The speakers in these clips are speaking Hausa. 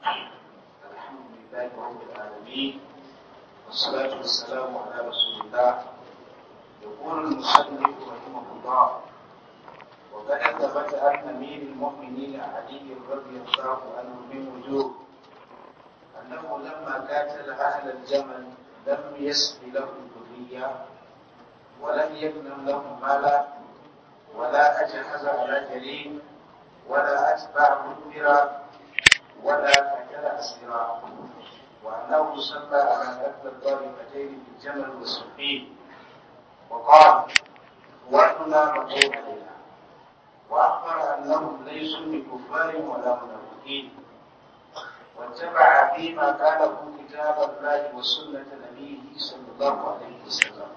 الحمد لله رب العالمين والصلاة والسلام على رسول الله يقول المصنف رحمه الله وقد ثبت أن أمير المؤمنين علي رضي الله عنه من وجوه أنه لما قاتل أهل الجمل لم يسق لهم ذرية ولم يغنم لهم مالا ولا أجهز على كريم ولا أتبع مدبرا ولا تكل أسيرا وأنه يسمى على أكبر الضربتين بالجمل والسفين وقال وحنا مقول علينا وأخبر أنهم ليسوا من كفار ولا منافقين واتبع فيما قاله كتاب الله وسنة نبيه صلى الله عليه وسلم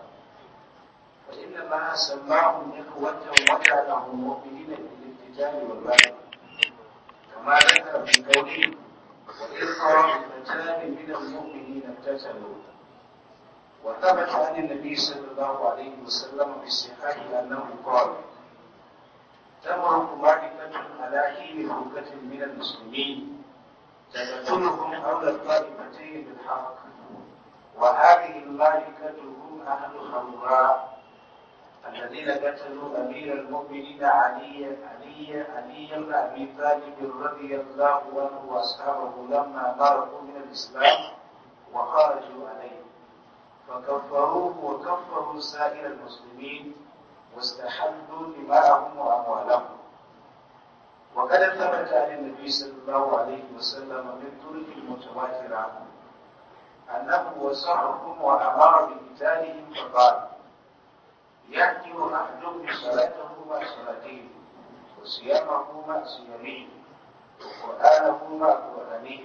وإنما سماهم إخوة وجعلهم مؤمنين بالابتداء والباب وما ذكر في قوله وإذ ترى فئتان من المؤمنين ابتسلوا وثبت عن النبي صلى الله عليه وسلم في صحته أنه قال تمرق واحدة على حين فرقة من المسلمين تقتلهم أولى الطائفتين بالحق وهذه الملائكة هم أهل حمراء الذين قتلوا امير المؤمنين علي علي علي بن ابي طالب رضي الله عنه واصحابه لما برئوا من الاسلام وخرجوا عليه فكفروه وكفروا سائر المسلمين واستحلوا دماءهم واموالهم وقد ثبت عن النبي صلى الله عليه وسلم من طرق متواتره انه وسعهم وامر بقتالهم فقال يأتي أحدهم صلاته مع صلاتين وصيامه مع صيامه وقرآنه مع قرآنه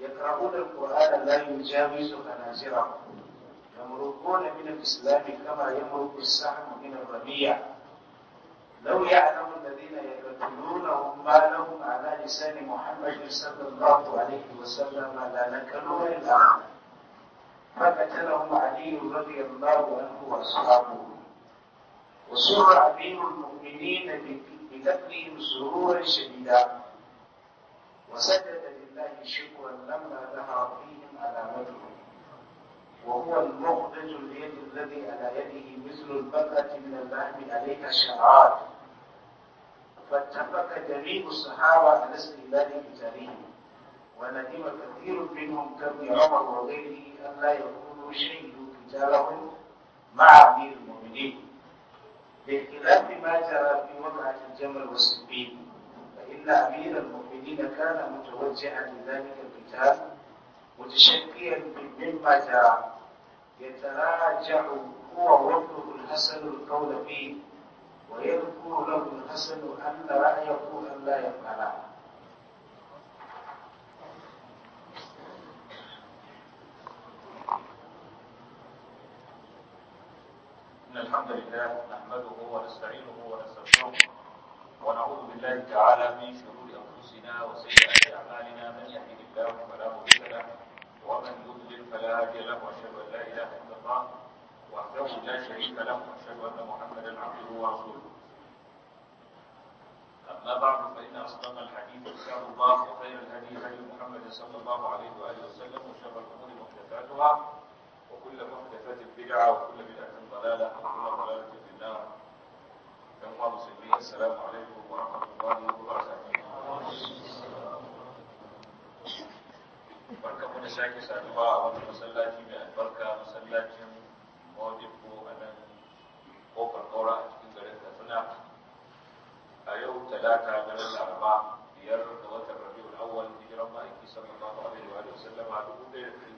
يقرؤون القرآن لا يجاوز خنازرهم يمرقون من الإسلام كما يمرق السهم من الربيع لو يعلم الذين يقتلونهم ما لهم على لسان محمد صلى الله عليه وسلم نكلوا إلا فقتلهم علي رضي الله عنه واصحابه وسر امير المؤمنين بقتلهم سرورا شديدا وسجد لله شكرا لما ظهر فيهم علامته وهو المخرج اليد الذي على يده مثل البقره من اللحم عليك الشرعات فاتفق جميع الصحابة على اسم الله بجريمه وندم كثير منهم كابن عمر وغيره أن لا يكونوا شهدوا قتالهم مع أمير المؤمنين بخلاف ما جرى في وضعة الجمل والسبيل فإن أمير المؤمنين كان متوجعا لذلك القتال متشكيا مما جرى يتراجع هو وابنه الحسن القول فيه ويذكر له الحسن أن رأيه أن لا يفعله الحمد لله نحمده ونستعينه ونستغفره ونعوذ بالله تعالى من شرور انفسنا وسيئات اعمالنا من يهده الله فلا مضل له ومن يضلل فلا هادي له واشهد ان لا اله الا الله وحده لا شريك له واشهد ان محمدا عبده ورسوله أما بعد فإن أصدق الحديث كتاب الله وخير الهدي هدي محمد صلى الله عليه وآله وسلم وشر الأمور محدثاتها وكل محدثات بدعة وكل بدعة ضلالة وكل ضلالة في النار يوم مسلمين السلام عليكم ورحمة الله وبركاته barka mu da sake saduwa a wani masallaci mai albarka masallacin modibo a nan kofar kora a cikin garin katsina a yau talata garin laraba biyar ga watan rabiul awwal hijiran ma'aiki sallallahu alaihi wa sallama dubu ɗaya da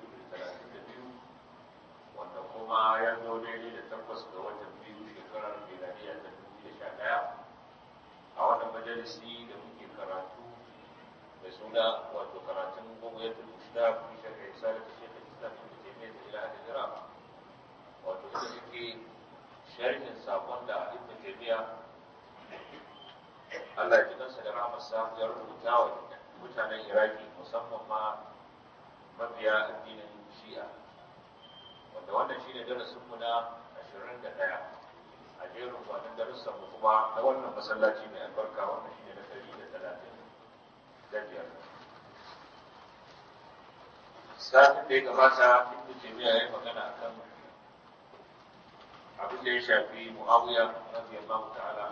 wanda kuma ya zo daidai da takwas ga watan biyu shekarar miladiya ta dubu da sha ɗaya a wannan majalisi da muke karatu da suna wato karatun gwamnatin mushta kuma shirya isa da ta shekar islam da ke mai da ila da jira wato ita suke sharhin sakon da ibn jami'a Allah ya ji kansa da rahmarsa ya rubuta wa mutanen Iraki musamman ma mabiya addinin Shi'a wanda wannan shi ne darasinmu na 21 a jerin gwanin mu kuma na wannan masallaci mai albarka wannan shi ne na 135 talatin da ya gabata ibn jami'a ya magana a kan abin da ya shafi muawiya radiyallahu ta'ala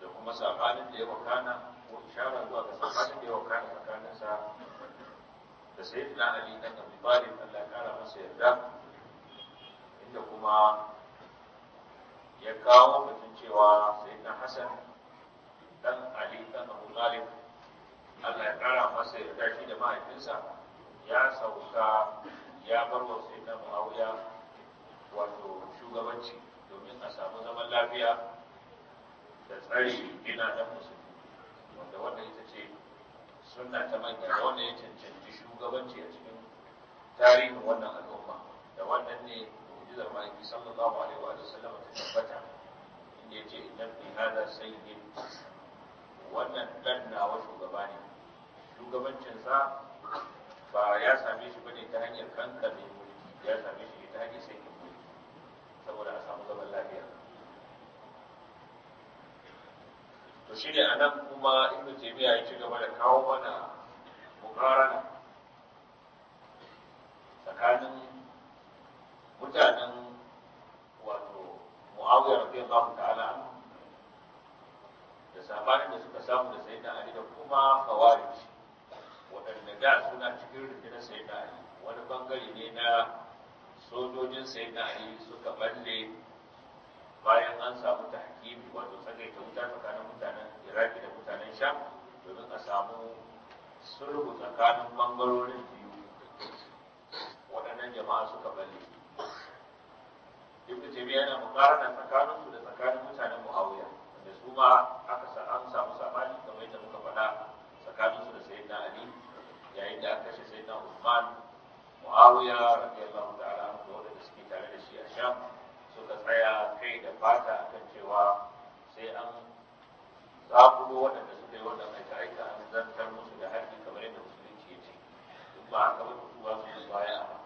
da kuma sabanin da ya wakana ko shara zuwa ga sabanin da ya wakana tsakaninsa da sayyidina ali dan abi talib Allah kara masa yarda inda kuma ya kawo batun cewa sai na hasan dan ali dan abu talib Allah ya kara masa yarda shi da mahaifinsa ya sauka ya bar wa na muawiya wato shugabanci domin a samu zaman lafiya da tsari ina dan musulmi wanda wannan ita sunna ta manya da wanda ya cancanci shugabanci a cikin tarihin wannan al'umma da wannan ne mu'jizar ma'aiki sallallahu alaihi wa sallam ta tabbata inda ya ce idan fi hada sayyid wannan dan nawa shugaba ne shugabancinsa ba ya same shi bane ta hanyar kanka mai mulki ya same shi ta hanyar sayyid mulki saboda a samu zaman lafiya to shi ne a nan kuma inda taymiya ya ci gaba da kawo mana mukarana tsakanin mutanen wato muawiya radiyallahu ta'ala da sabanin da suka samu da sayyidina ali da kuma khawarij waɗanda da suna cikin rundunar sayyidina ali wani bangare ne na sojojin sayyidina ali suka balle bayan an samu ta hakimi wato tsagaita wuta tsakanin mutanen iraki da mutanen sha domin a samu sulhu tsakanin bangarorin biyu waɗannan jama'a suka balle ibnu taymiya yana mukarana tsakanin su da tsakanin mutanen muawiya da su ma aka an samu sabani kamar yadda muka faɗa tsakanin su da sayyidina ali yayin da aka kashe sayyidina usman muawiya radiyallahu ta'ala anhu da suke tare da shi a sham suka tsaya kai da fata a kan cewa sai an zaɓuro waɗanda suka yi wannan aika-aika an zartar musu da haƙƙi kamar yadda musulunci ya ce duk ba haka ba su ba su baya a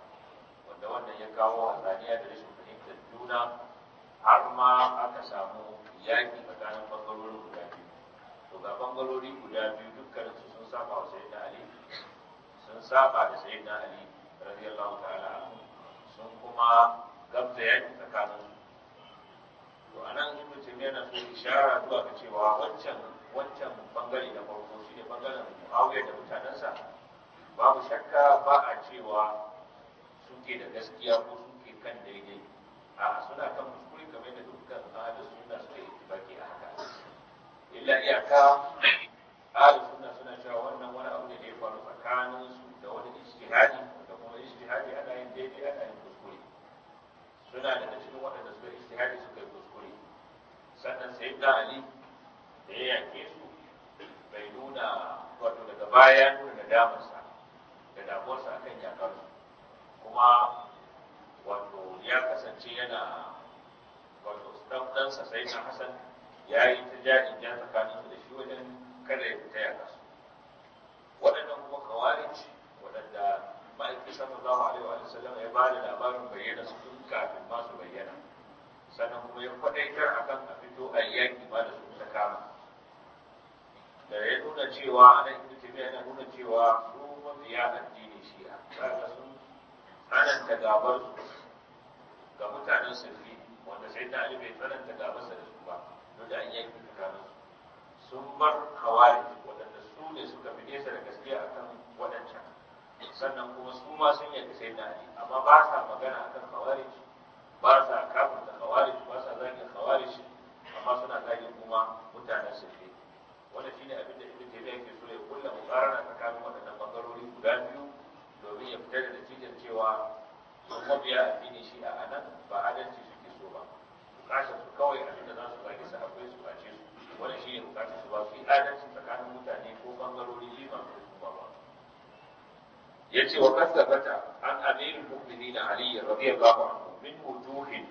wanda wannan ya kawo hatsaniya da rashin fahimtar juna har ma aka samu yaƙi tsakanin bangarorin guda biyu to ga bangarori guda biyu dukkaninsu sun saba wa sayyidina ali sun saba da sayyidina ali radiyallahu ta'ala sun kuma gamsa yaƙi tsakanin su. to anan ibn taymiya na so ishara zuwa ga cewa wancan wancan bangare da farko ne bangaren muawiya da mutanensa babu shakka ba a cewa suke da gaskiya ko suke kan daidai a suna kan kuskure kamar da dukkan ahli sunna suke baki a haka illa iyaka ahli sunna suna cewa wannan wani abu ne da ya faru tsakanin su da wani ijtihadi da kuma ijtihadi ana yin daidai ana yin kuskure suna daga cikin waɗanda suka ijtihadi su sannan sai da ali da ya yake su bai nuna wato daga baya nuna damarsa da a kan yakar kuma wato ya kasance yana wato dan ɗansa sai na hasan ya yi ta jajin ya tsakanin da shi wajen kada ya fita ya kasu waɗannan kuma kawarici waɗanda za sallallahu alaihi wa sallam ya ba da labarin bayyana su tun kafin ba su bayyana sannan kuma ya kwadaitar kan a fito a yaki ba da su ta kama da ya nuna cewa a nan ibn tabi'a yana nuna cewa su mabiya addini shi'a kaga sun tsananta gabar su ga mutanen sufi wanda sai da ali bai tsananta su da su ba don da an yaki kama su sun bar kawari waɗanda su ne suka fi nesa da gaskiya kan waɗancan sannan kuma su ma sun yaki sai da ali amma ba sa magana akan kawari ba sa kafin da khawarij ba sa zagin khawarij amma suna zagin kuma mutanen sufi wanda ne abin da ibnu taymiya ke so ya kulla mukarana tsakanin waɗannan bangarori guda biyu domin ya fitar da natijar cewa sun mabiya addini shi a nan ba adalci suke so ba bukatar su kawai abin da za su zage su akwai su bace su wannan shine bukatar su ba su yi adalci tsakanin mutane ko bangarori biyu yace wa qad thabata an amirul mu'minin ali radiyallahu anhu min wujuhin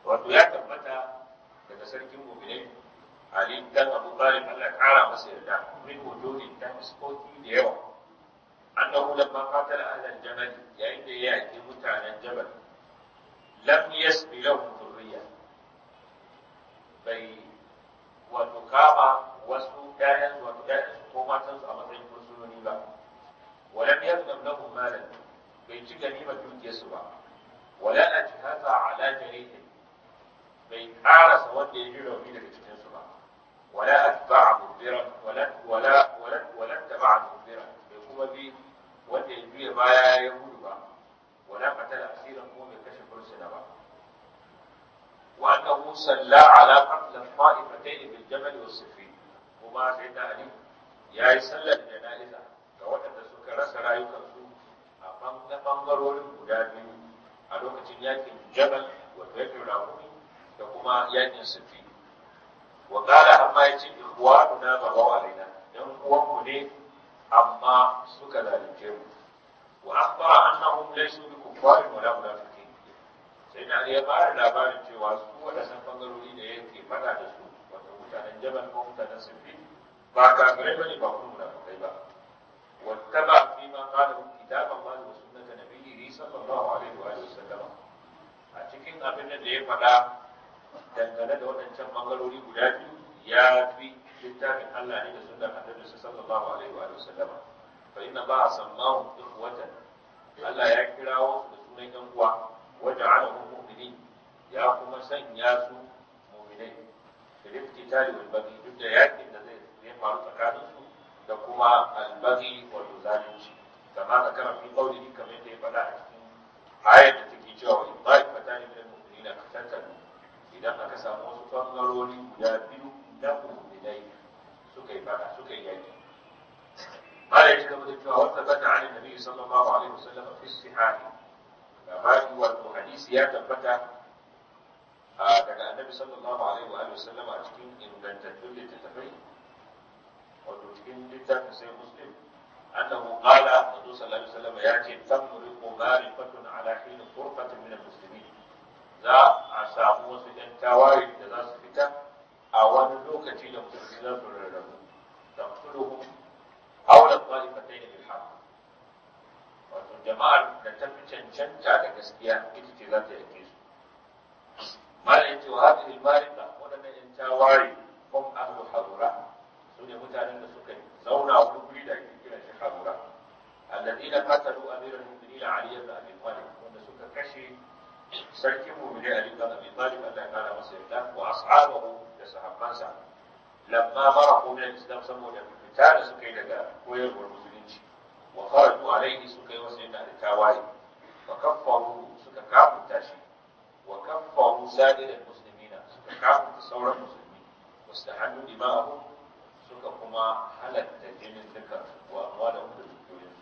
wato ya tabbata daga sarkin mu'minin ali dan abu talib Allah kara masa yarda min wujuhin da fuskoki da yawa annahu lamma qatala ahlal jamal yayin da ya yaki mutanen jabal lam yasbi lahum dhurriya bai wato kama wasu ƴaƴan wato ƴaƴan ko matansu a matsayin ولم يظلم له مالا بين شكا نيمة دوتي سوا ولا أجهزا على جريدة بين أعرس ودي جيرو مين بيتي سوا ولا أتبع مدبرا ولا ولا ولا ولا أتبع مدبرا بقوة بي ودي جيرو ما يقول ولا قتل أسيرا قوم يكشف رسل با وأنه صلى على قتل الطائفتين بالجمل والصفين وما زيد عليه يا سلم جنائزه ga waɗanda suka rasa rayukansu a ɓangarorin guda biyu a lokacin yakin jabal wato yakin rahuni da kuma yakin sufi wa ƙara amma yace ikhwanuna bagaw alaina dan uwanmu ne amma suka zalunce mu wa an akhbara annahum laysu bi kuffarin su ke sai na ya fara labarin cewa su waɗannan bangarori da yake faɗa da su wanda mutanen jabal ko mutanen sufi ba ka bane ba ne ba kuma kai ba واتبع فيما قاله كتاب الله وسنة نبيه صلى الله عليه وآله وسلم أتكين أبن دي فدا دنگل دو ننشم مغلولي بلاتي يا في كتاب الله إلى سنة النبي صلى الله عليه وآله وسلم فإن الله سماهم إخوة Allah ya kirawo su da sunan ‘yan uwa wajen alamun mu'minin ya kuma sanya su mu'minai da rifki tali wal baki duk da yakin da zai faru tsakanin su da kuma albaghi wato zalunci kama da kana fi qawli kamar yadda ya faɗa a cikin ayat da take cewa wa ta'ifatan min al-mu'minina qatatalu idan aka samu wasu bangarori guda biyu na mu'minai suka yi fada suka yi yaki قال يجب أن cewa wata bata عن النبي صلى الله عليه وسلم في الصحاح labari wato hadisi ya tabbata daga annabi sallallahu alaihi wa a cikin ingantattun littattafai wato cikin littafin sai muslim annahu qala annabi sallallahu alaihi wasallam ya ce tamriqu ma'rifatun ala hin furqatin min muslimin za a samu wasu ɗan tawaye da za su fita a wani lokaci da musulmi za su rarrabu tamtuluhum hawla qa'ifatayn bil haqq wato jama'ar da ta fi cancanta da gaskiya ita ce za ta yake su malam yace wa hadhihi al-marifa wadannan ƴan tawaye su ne mutanen da suka zauna wuri da ake kiran shi harura alladina qatalu amiral mu'minin ali ibn abi talib wanda suka kashe sarkin mu'minin ali ibn abi talib Allah ya kara masa yarda wa ashabahu da sahabbansa lamma marahu min al-islam saboda fita da suka yi daga koyarwar musulunci wa kharaju alayhi suka yi wasu yana da tawaye wa kaffaru suka kafuta shi wa kaffaru sadirin muslimina suka kafuta sauran musulmi wasu da hannu dima'ahu suka kuma halatta jinin duka wa amma da wanda dukiyoyin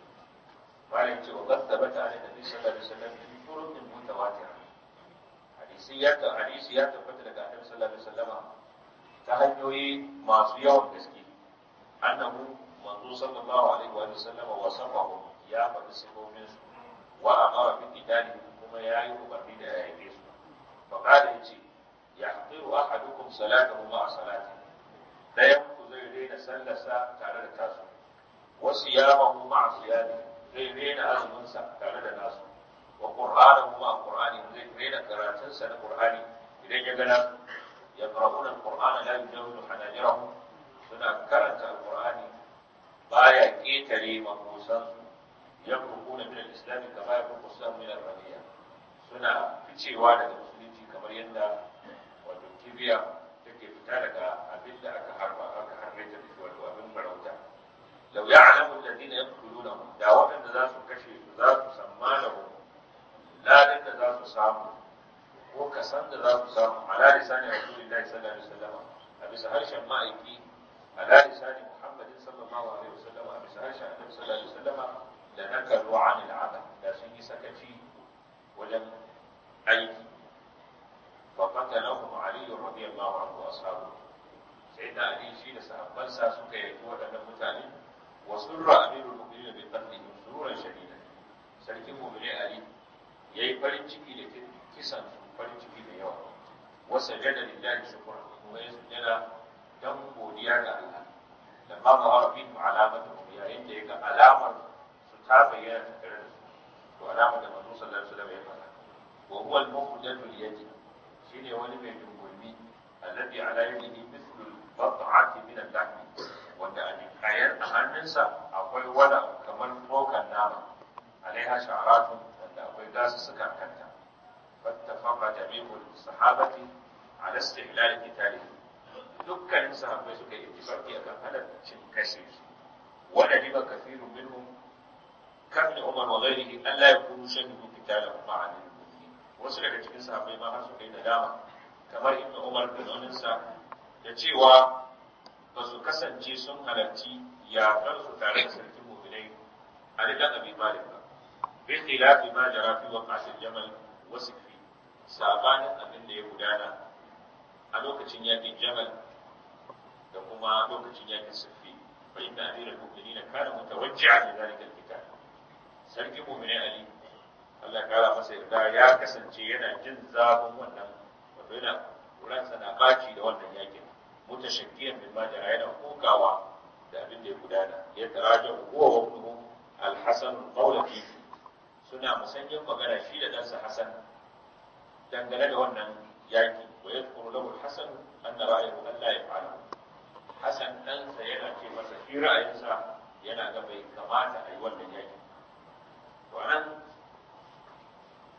malam cewa gasta bata a da nabi sallallahu alaihi wasallam bi turuqin mutawatir hadisi ya ta hadisi ya tabbata daga annabi sallallahu alaihi wasallam ta hanyoyi masu yawan gaske annahu manzo sallallahu alaihi wa sallam wa safahu ya faɗi sifofin su wa amara bi qitali kuma ya yi umarni da ya yi su fa qala yace yahqiru ahadukum salatahu ma salati dayan zai daina sallarsa tare da tasu wasu ya mahu ma'a zai daina azuminsa tare da nasu wa qur'anahu ma'a qur'ani zai rena karatunsa na ƙur'ani idan ya gana ya da al-qur'ana la yujawizu hanajirahum suna karanta ƙur'ani. qurani baya ƙetare makusan Yan min al-islam kama yamruqu as-sam min suna ficewa daga musulunci kamar yadda wato kibiya take fita daga abin da aka harba لو يعلم الذين يقتلونهم دا وعند ذا سكشي ذا سمانهم لا دين ذا سامو وكسند ذا سامو على لسان رسول الله صلى الله عليه وسلم أبي سهرش مائكي على لسان محمد صلى الله عليه وسلم أبي سهرش النبي صلى الله عليه وسلم لنكلوا عن العمل لا سني سكشي ولم أيدي فقتلهم علي رضي الله عنه وأصحابه sai da ali shi da sahabbansa suka yi waɗannan mutane wa surra amirul mu'minin bi qatli sururan shadida sarkin mu'minin ali yayi farin ciki da kisan farin ciki da yawa wa sajada lillahi shukran kuma ya sujada dan godiya ga Allah da ma ba wa bin alamatu da yaga alamar su ta bayyana tare da su to alamar da manzo sallallahu alaihi wasallam ya shine wani mai dungulmi alladhi ala yadihi wanda a ninkayar a hannunsa akwai wala kamar tsokan nama alaiha sha'aratun wanda akwai gasu suka kanta fattafaqa jami'ul sahabati ala istihlal qitalihi dukkanin sahabbai suka yi ittifaqi akan halaccin kashe su wa adiba kathirun minhum kan Umar wa ghairihi an la yakunu shahidu qitalahu ma'a a nan. wasu daga cikin sahabbai ma har su kai nadama kamar Ibn Umar da sa da cewa ba su kasance sun halarci yaƙar su tare da sarki mu'minai Ali dan abin Malik ba bi khilafi ma jara fi waqatil jamal wa sikri sabanin abin da ya gudana a lokacin yaƙin jamal da kuma lokacin yakin sikri fa inna amirul mu'minina kana mutawajjiha li dhalika al-qital sarki mu'minai Ali Allah ya kara masa yarda ya kasance yana jin zafin wannan wato yana ransa na baci da wannan yaƙin. mutashakiyan bin majara yana kokawa da abin da ya gudana ya taraja huwa wa ibnuhu al-hasan qawlati suna musanyin magana shi da ɗansa hasan dangane da wannan yaki wa yadhkuru lahu al-hasan anna ra'ayahu an la yaf'ala hasan ɗansa yana ce masa shi ra'ayinsa yana ga bai kamata a yi wannan yaki to anan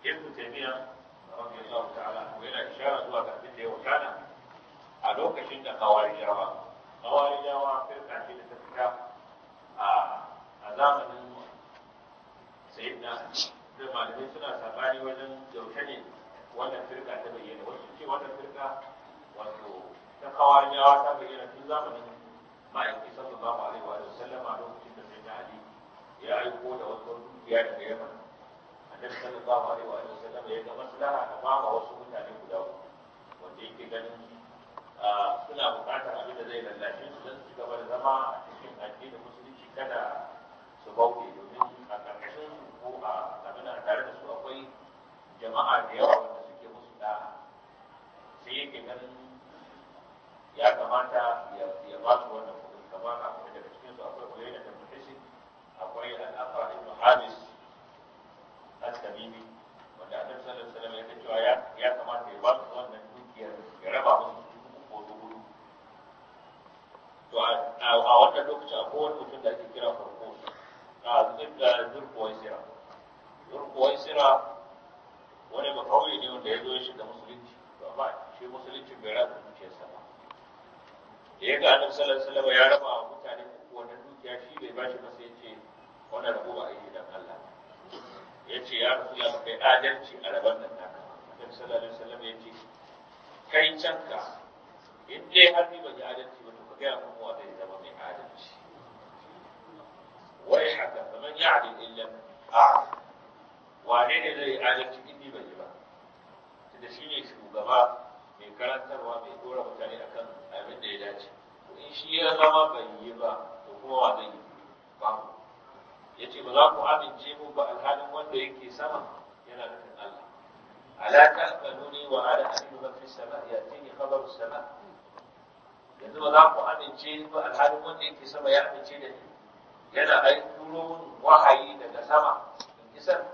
ibnu taymiya radiyallahu ta'ala yana ishara zuwa ga abin da ya wakana a lokacin da kawari jawa kawari jawa firka ce da ta fita a zamanin sai na da malamai suna sabani wajen yaushe ne wannan firka ta bayyana wasu ce wannan firka wato ta kawari jawa ta bayyana tun zamanin ma'aiki sallallahu alaihi wa sallama lokacin da sai na ali ya aiko da wasu dukiya da yaman annabi sallallahu alaihi wa sallama ya ga maslaha ta ba wasu mutane guda wanda yake ganin suna buƙatar abin da zai lallashe su don su gaba da zama a cikin addinin musulunci kada su bauɗe domin a ƙarƙashin su ko a abin a tare da su akwai jama'a da yawa wanda suke musu da sai yake ganin ya kamata ya ba su wannan kuɗin kamar akwai daga cikin su akwai kuɗi da tabbatashi akwai al'afa ibn hadis al-tamimi wanda annabi sallallahu alaihi wasallam ya ce ya kamata ya ba su wannan dukiyar ya raba musu to a wannan lokacin akwai wani mutum da ake kira farko na da a zirga zirkuwaisira zirkuwaisira wani bakawai ne wanda ya zo ya shiga musulunci to amma shi musulunci bai rasa zuciyarsa sama. da ya ga annabi sallallahu alaihi ya raba wa mutane uku wannan dukiya shi bai bashi ba sai ya ce wannan rabo ba aiki dan Allah ya ce ya rasu ya kai adalci a rabon nan naka annabi sallallahu alaihi ya ce kai canka in dai har ni ban yi adalci gaya mun wanda ya zama mai adalci wai haka kamar ya adil illa a wane ne zai adalci in ni bai ba tunda shi ne shugaba mai karantarwa mai dora mutane akan abin da ya dace in shi ya zama bai yi ba to kuma wa zai yi ba ya ce ba za ku amince mu ba alhalin wanda yake sama yana nufin Allah ألا تأمنوني وأنا أمين من في السماء يأتيني خبر السماء yanzu ba za ku amince ba alhalin wanda yake sama ya amince da ni yana ai turo wahayi daga sama in isar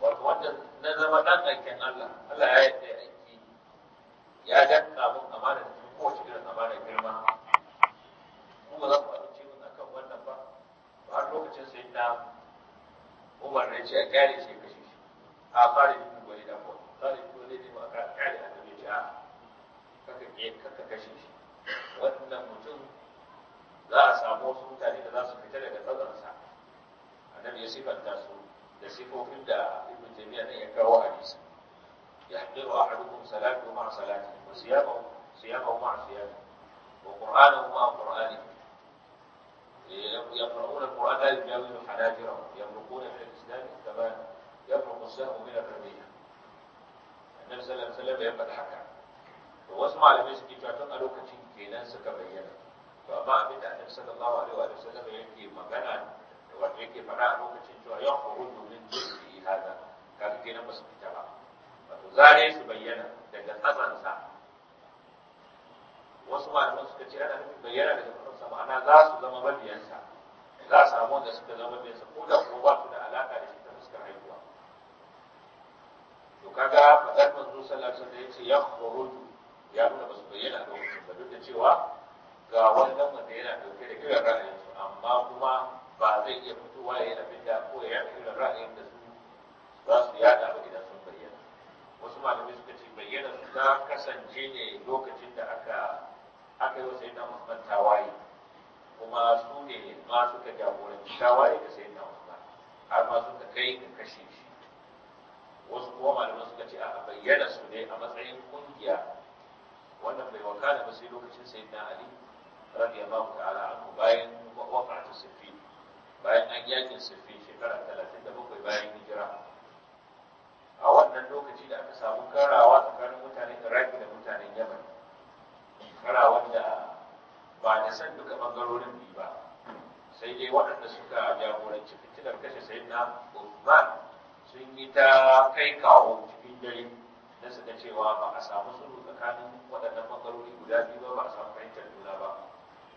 wato wanda na zama dan aikin Allah Allah ya yarda ya aiki ya danka mun amana cikin kowace irin amana girma ku ba za ku amince mun akan wannan ba ba har lokacin sai na Umar ne ce a kare shi kashe shi a fara yin gwani da ko fara yin gwai da ma ka kare a ce a kaka ke kaka kashe shi wannan mutum za a samu wasu mutane da za su fita daga tsazarsa annabi ya sifanta su da sifofin da ibn taymiya ne ya kawo hadisi ya hadiru ahadukum salatu ma salati wa siyamu siyamu ma siyamu wa qur'anu ma qur'ani يقرؤون القرآن لا يجاوز حناجرهم يمرقون من الإسلام كما يمرق السهم من الرمية النبي صلى الله عليه وسلم يبقى الحكم واسمع لمسك فتن ألوكتي kenan suka bayyana to amma abin da annabi sallallahu alaihi wa sallam yake magana wato yake faɗa a lokacin cewa ya khuruju min jinsi hada kaga kenan ba su fita ba wato zare su bayyana daga tsatsansa wasu malaman suka ce ana nufin bayyana daga tsatsansa ma'ana za su zama mabiyansa za su samu wanda suka zama mabiyansa ko da kuma ba su da alaƙa da shi ta fuskar haihuwa to kaga faɗar manzo sallallahu alaihi wa sallam yace ya khuruju ya nuna ba su bayyana ga mutum ba da cewa ga wannan wanda yana dauke da irin ra'ayinsu amma kuma ba zai iya fitowa ya yi abin da ko ya yi irin ra'ayin da su za su yada ba idan sun bayyana wasu malamai suka ce bayyana su ta kasance ne lokacin da aka aka yi wasu yana musamman tawaye kuma su ne ma suka jagoranci tawaye da sai na musamman har ma suka kai ka kashe shi wasu kuma malaman suka ce a bayyana su ne a matsayin kungiya wannan bai wakana ba sai lokacin na ali ya radiyallahu ta'ala anhu bayan ta sufi bayan an yakin sufi shekara bakwai bayan hijira a wannan lokaci da aka samu karawa tsakanin mutanen iraki da mutanen yaman karawa da ba da san duka bangarorin biyu ba sai dai waɗanda suka jagoranci fitilar kashe sai na Uthman sun yi ta kai kawo cikin dare na suka cewa ba a samu sulhu tsakanin waɗannan bangarori guda biyu ba ba a samu fahimtar juna ba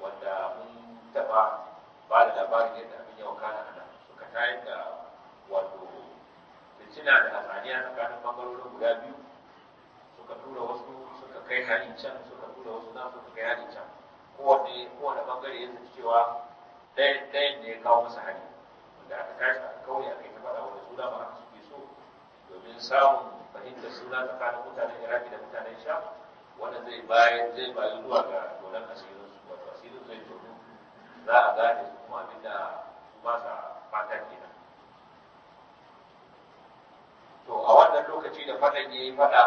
wanda mun taɓa ba da labarin yadda abin ya wakana a nan suka ta da wato fitina da hatsaniya tsakanin bangarorin guda biyu suka tura wasu suka kai halin can suka tura wasu na suka kai halin can kowane kowane bangare ya zaci cewa ɗayan ne ya kawo masa hali wanda aka tashi aka kauye aka yi ta faɗa wanda su dama aka suke so domin samun fahimtar suna tsakanin mutanen iraki da mutanen sha wanda zai bayan zai bayan zuwa ga dolan asirin su wato asirin zai tono za a gane su kuma abin da su ba sa fata kenan to a wannan lokaci da fadan ya yi fada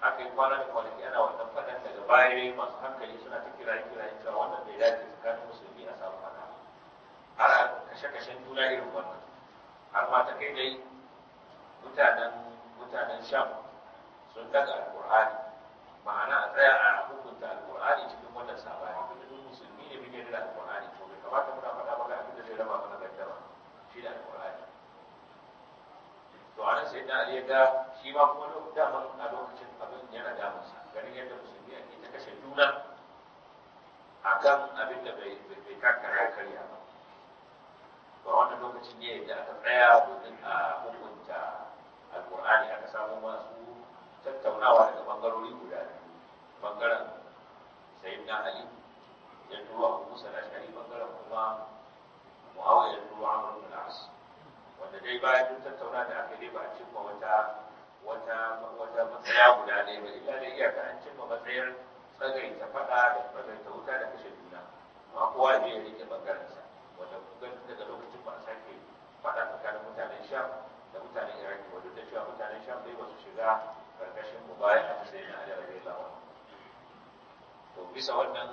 aka yi kwana da kwanaki ana wannan fadan daga baya masu hankali suna ta kiraye kiraye cewa wannan bai dace tsakanin musulmi a samu fada Ana a kashe-kashen juna irin wannan har ma ta kai dai mutanen mutanen sham sun daga alkur'ani ma'ana a tsaya a hukunta alkur'ani cikin wannan sabani da duk musulmi ne muke da alkur'ani to bai kamata muna faɗa maka abin da zai raba mana gadda shi da alkur'ani to anan sai da ali ga shi ma kuma daman a lokacin abin yana damunsa ganin yadda musulmi ake ta kashe juna akan abin da bai kakkara karya ba ba wannan lokacin ne da aka tsaya domin a hukunta alƙur'ani aka samu masu tattaunawa daga bangarori guda biyu bangaren sayyid na ali ya turo abu musa na shari bangaren kuma mu'awa ya turo amr ibn al-as wanda dai bayan duk tattauna da aka yi ba a cimma wata wata wata matsaya guda ne ba illa da iyaka an cimma matsayar ta faɗa da ta wuta da kashe juna amma kowa ne ya rike sa, wanda kun daga lokacin ba a sake faɗa tsakanin mutanen sha. da mutanen iraki ba duk da cewa mutanen sham dai ba su shiga karkashin mu bayan a sai na da rage lawa to bisa wannan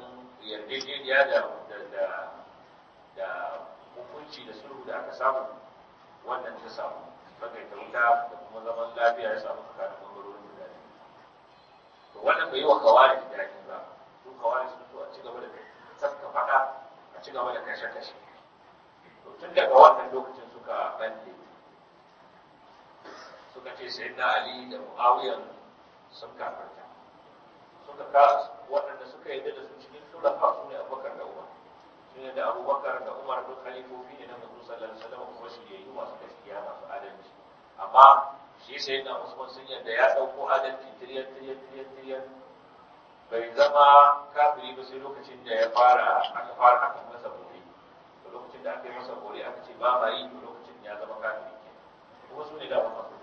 yarjejeniya da da da hukunci da sulhu da aka samu wannan ta samu tsakaita wuta da kuma zaman lafiya ya samu tsakanin bangarorin guda biyu to wannan bai yi wa kawari da yakin ba su kawari sun so a ci gaba da tsaka faɗa a ci gaba da kashe-kashe to tun daga wannan lokacin suka bande suka ce sai na ali da muawiya sun kafarta suka ka waɗanda suka yarda da su cikin sulafa su ne abubakar da umar shi ne da abubakar da umar duk halifofi ne na Muhammadu sallallahu alaihi wasallam kuma shi yayi masu gaskiya masu adalci amma shi sai na usman sun yadda ya ɗauko adalci tiryan tiryan tiryan tiryan bai zama kafiri ba sai lokacin da ya fara aka fara aka masa bore lokacin da aka yi masa bore aka ce ba ma yi lokacin ya zama kafiri kuma su ne da ba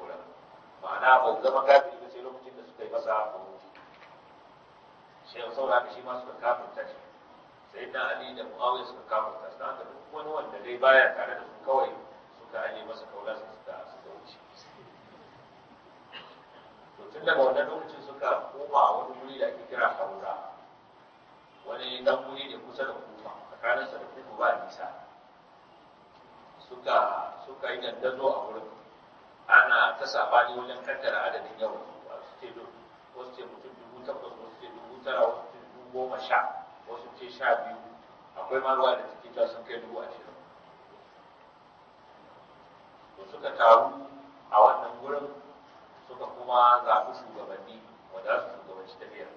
ma'ana ba zama kafiri ba sai lokacin da suka yi masa furuji sai ya saura da shi ma suka ta shi sai da ali da muawiya suka ta su da duk wani wanda dai baya tare da su kawai suka aje masa kaula su suka suka wuce to tun daga wannan lokacin suka koma wani wuri da ake kira kaura wani dan wuri ne kusa da kufa tsakanin da kufa ba nisa suka suka yi dandazo a wurin ana ta sabani wajen kaddara adadin yawan wasu ce wasu ce mutum dubu takwas wasu ce dubu tara wasu ce dubu goma sha wasu ce sha biyu akwai ma ruwa da take ta sun kai dubu ashirin to suka taru a wannan gurin suka kuma zaɓi shugabanni wanda su shugabanci tafiyar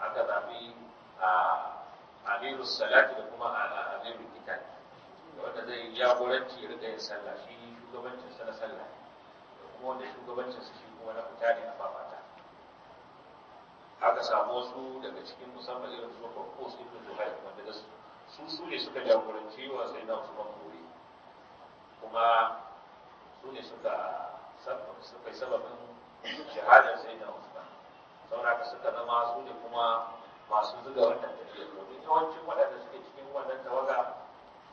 aka zaɓi a amirus salati da kuma amiru kitani wanda zai jagoranci ya yin sallah shi shugabancin sana na sallah wanda shugabancin su shi kuma na fita ne na babata haka samu wasu daga cikin musamman irin su ko ko su ibn zuhair wanda da su su ne suka jagoranci wa sai na usman kore kuma su ne suka suka yi sababin shahadar sai na saboda sauraka suka zama su ne kuma masu zuga wannan tafiyar domin yawancin waɗanda suke cikin wannan tawaga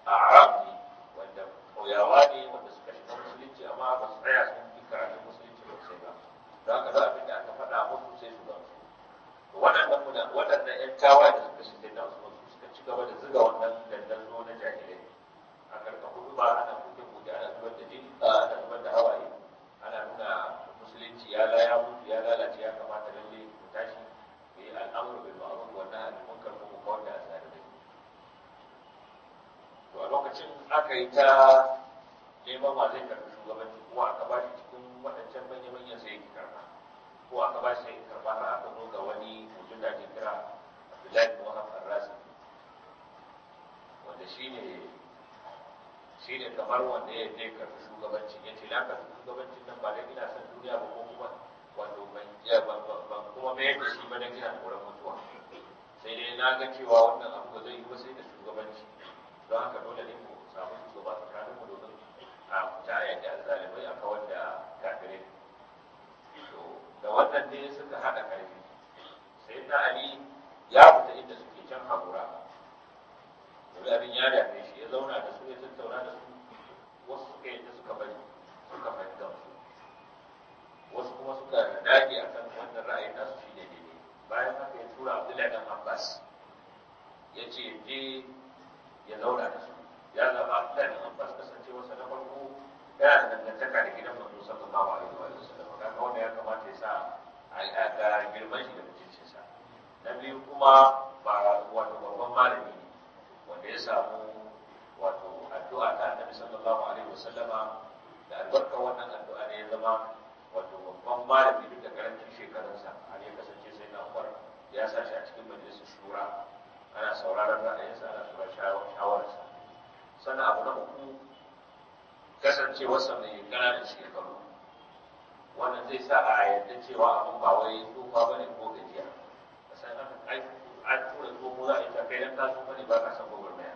a arab ne wanda ƙauyawa ne wanda suka shiga musulunci amma ba su tsaya su karatun musulunci ba sai ba don haka za a fi da aka faɗa musu sai su gamsu waɗannan muna waɗannan ƴan tawa da suka shi da nasu wasu suka ci gaba da zuga wannan dandazo na jahilai a karka hudu ba ana kuke buɗe ana zubar da jini ana zubar da hawaye ana nuna musulunci ya la ya mutu ya lalace ya kamata lalle mu tashi mu yi al'amuru bil ma'ruf wa nahy anil munkar mu kawar da asarin to a lokacin aka yi ta neman ma zai karɓi shugabanci kuma aka ba shi ko aka ba shi karɓa har aka zo ga wani mutum da ake kira Abdullahi bin Wahab Ar-Razi wanda shi ne kamar wanda ya je karɓi shugabanci ya ce na karɓi shugabanci nan ba dai ina son duniya ba ko kuma wato ban kuma mayar da shi ba dan ina tsoron mutuwa sai dai na ga cewa wannan abu ba zai yi ba sai da shugabanci don haka dole ne mu samu shugaba tsakaninmu domin a ta yadda zalibai a kawar da kafirai da waɗanda suka haɗa ƙarfi sai na ali ya fita inda suke can haƙura wani abin ya dame shi ya zauna da su ya tattauna da su wasu suka yadda suka bari suka da su wasu kuma suka daɗi a kan wannan ra'ayin nasu shi ne daidai bayan haka ya tura abdullahi dan abbas ya ce je ya zauna da su ya zama abdullahi dan abbas kasancewarsa na farko yana da dangantaka da gidan manzo sallallahu alaihi wa sallam kaga wanda ya kamata ya sa a ga girman shi da mutuncin sa na biyu kuma ba wato babban malami ne wanda ya samu wato addu'a ta annabi sallallahu alaihi wasallama da albarka wannan addu'a ne ya zama wato babban malami duk da karancin shekararsa. har ya kasance sai na umar ya sa shi a cikin majalisar shura ana sauraron ra'ayinsa ana sauraron shawararsa sannan abu na uku kasancewarsa mai ƙananan shekaru wannan zai sa a yadda cewa abin ba wai tsufa ba ne ko gajiya a san an tura tsoho za a yi ta kai ta tasu ba ne ba ka san gwagwarmaya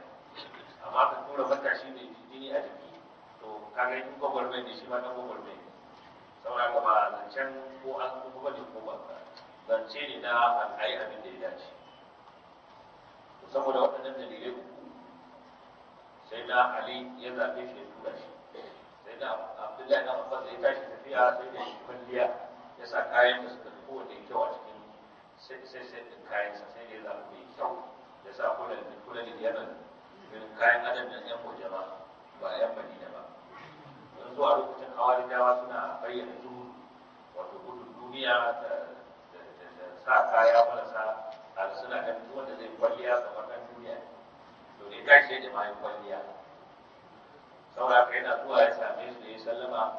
amma ka tura matashi mai jini a jiki to ka ga in gwagwarmaya ne shi ma ta gwagwarmai ne saboda ka ba zancen ko an tsufa ba ne ko ba zance ne na ayi abin da ya dace saboda waɗannan dalilai uku sai na ali ya zaɓe shi ya tura shi abdullahi na abubuwan da ya tashi tafiya sai da shi kwalliya ya sa kayan da suka ko da kyau a cikin sai sai din kayan sa sai da ya zama mai kyau ya sa kula da kulan da yanan kayan adam da yan mujama ba yan madina ba don zuwa lokacin hawari dawa suna bayyana zuhu wato gudun duniya da sa kaya marasa har suna ganin wanda zai kwalliya kamar ɗan duniya to ne tashi da mayan kwalliya saboda ka yana zuwa ya same su ya sallama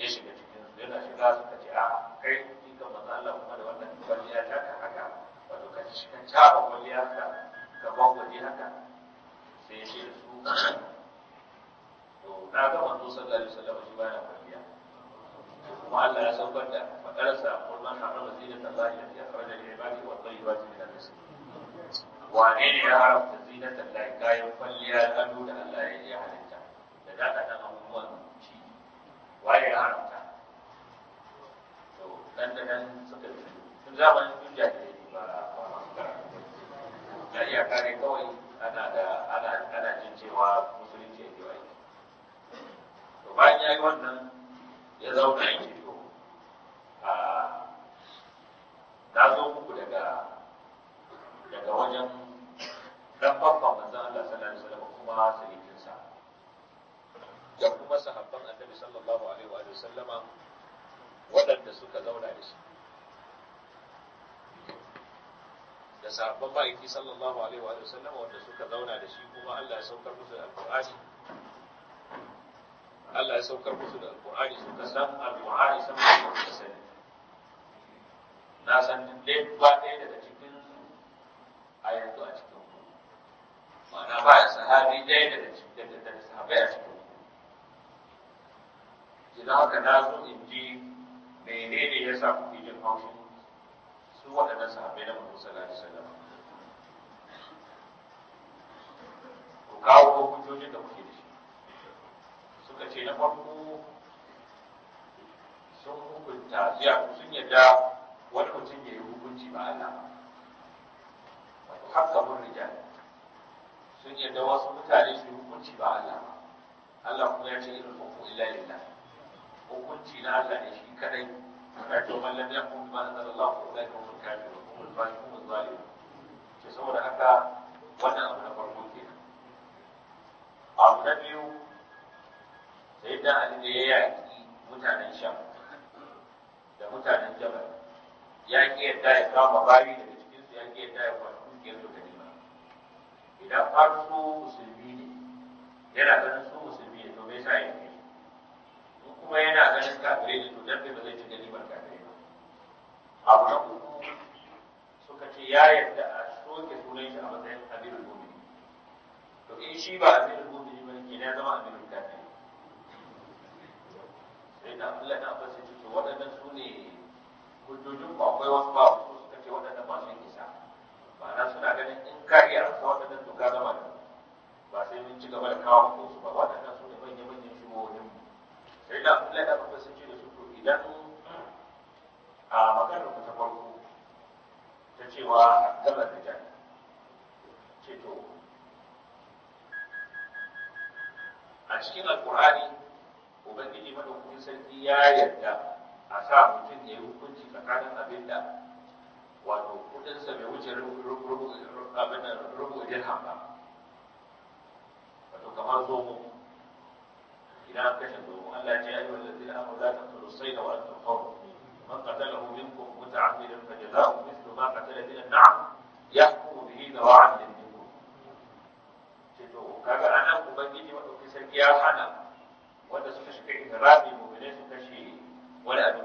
ya shiga cikin su yana shiga su ka ce a ah, kai kika manzo Allah kuma da wannan kwalliya ta ka haka wato ka ci kan caba kwalliya haka ka gwagwaje haka sai ya ce da su to na ga manzo sallallahu alaihi wasallam shi baya kwalliya kuma Allah ya saukar da makararsa kullum haram zina Allah ya ta fara da ibadi wa tayyibati min al-rizq wane ne ya haramta zinatan Allah kayan kwalliya kado da Allah ya halitta da dakatar abubuwan ci waye ya haramta to nan da nan suka sun tun zamanin tun jahilai ba ba masu iya kare kawai ana da ana ana jin cewa musulunci yi wa to bayan ya yi wannan ya zauna yake to a na zo muku daga daga wajen dan babban manzon Allah sallallahu alaihi wasallam kuma sai da kuma sahabban annabi sallallahu alaihi wa sallama waɗanda suka zauna da shi da sahabban ma'aiki sallallahu alaihi wa sallama wanda suka zauna da shi kuma Allah ya saukar musu da alƙur'ani Allah ya saukar musu da alƙur'ani suka san alƙur'ani san da sani na san dai ba ɗaya daga cikin ayatu a cikin ma'ana ba sahabi ɗaya daga cikin da sahabai a cikin ce haka na zo in ji menene ya sa kuke jin haushi su waɗannan sahabbai na mutum sallallahu alaihi wasallam ku kawo ko hujjojin da kuke da shi suka ce na farko sun hukunta biya sun yadda wani mutum ya yi hukunci ba Allah ba wato haka mun rija sun yadda wasu mutane su yi hukunci ba Allah ba Allah kuma ya ce irin hukum illa lillah hukunci na Allah ne shi kadai wato man lam yaqum bima anzalallahu kuma ulaika humul kafirun humul fasiqun zalimun ce saboda haka wannan abu na farko kenan abu na biyu sai da Ali da ya yaki mutanen Sham da mutanen Jabal ya ki yadda ya kama bayi daga cikin su ya ki yadda ya kwato dukiyar su ganima idan farko su musulmi ne yana ganin su musulmi ne to bai yasa kuma yana ganin kafirai ne to dan ba zai ci gani ba kafirai ba abu na uku suka ce ya yarda a soke sunan shi a matsayin amirul mu'minin to in shi ba amirul ne ba ne ya zama amirul kafiri sai da Allah na ba sai ce waɗannan su ne hujjojin ku akwai wasu ba su suka ce waɗannan ba sun isa ba na suna ganin in ka iya rasa waɗannan to ka zama ba sai mun ci gaba da kawo su ba waɗannan su ne manya-manyan wajen mu sai da da Abubakar sun ce da su to idan a maganar ku ta farko ta cewa Abdullahi da Jani ce to a cikin Alƙur'ani Ubangiji madaukakin sarki ya yarda a sa mutum ya yi hukunci tsakanin abin da wato kudinsa mai wuce rubu abin rubu dirham ba wato kamar zomo Ina an kashe domin Allah ce ayyuhal ladina amanu la taqtulu sayda wa antum hur man qatalahu minkum muta'ammidan fajaza'u mithlu ma qatala min an-na'am yahkumu bihi dawa 'adlin minkum ce to kaga anan ubangiji madaukakin sarki ya hana wanda suka shiga ihrami mu'minai su kashe wani abin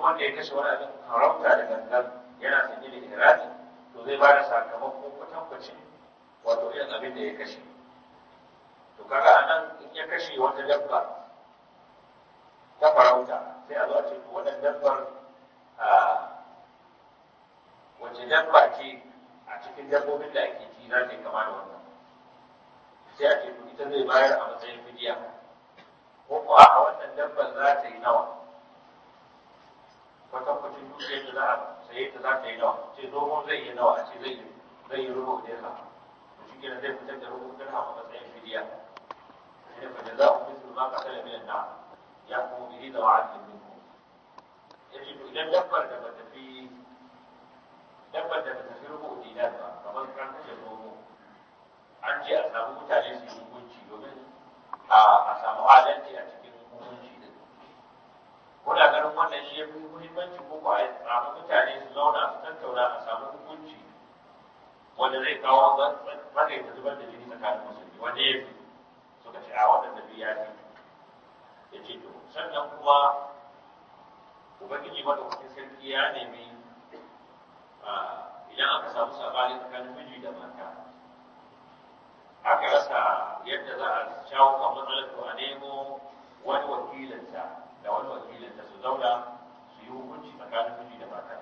wanda ya kashe wani abin da gangan yana sanye da ihrami to zai ba da sakamakon kwatankwacin wato yan abin da ya kashe to kaga anan in ya kashe wata dabba ta farauta sai a zo a ce wannan dabbar wace dabba ce a cikin dabbobin da ake ci za ta yi kama da wannan sai a ce to ita zai bayar a matsayin fidiya ko kuwa a wannan dabbar za ta yi nawa kwatankwacin dukiyar da za a saye ta za ta yi nawa ce dogon zai yi nawa a ce zai yi rubu da ya to shi zai fitar da rubu dirham a matsayin fidiya shine fa jazaa'u mithlu ma qatala min an-nar yahkumu bihi dawa 'adlin minkum yace to da ba ta fi dabbar da ba ta fi rubu dinar ba kamar kan kashe an a samu domin a samu adalci a cikin hukunci kuna ganin wannan shi ya fi muhimmanci ko ko a samu mutane su zauna su tattauna a samu hukunci wanda zai kawo matsayin da zubar da jini tsakanin musulmi wanda ya fi suka ce a wannan nabi ya fi ya ce to sannan kuma ubangiji wanda kuke sarki ya nemi idan aka samu sabani tsakanin miji da mata aka rasa yadda za a shawo kan matsalar to a nemo wani wakilinsa da wani wakilinsa su zauna su yi hukunci tsakanin miji da mata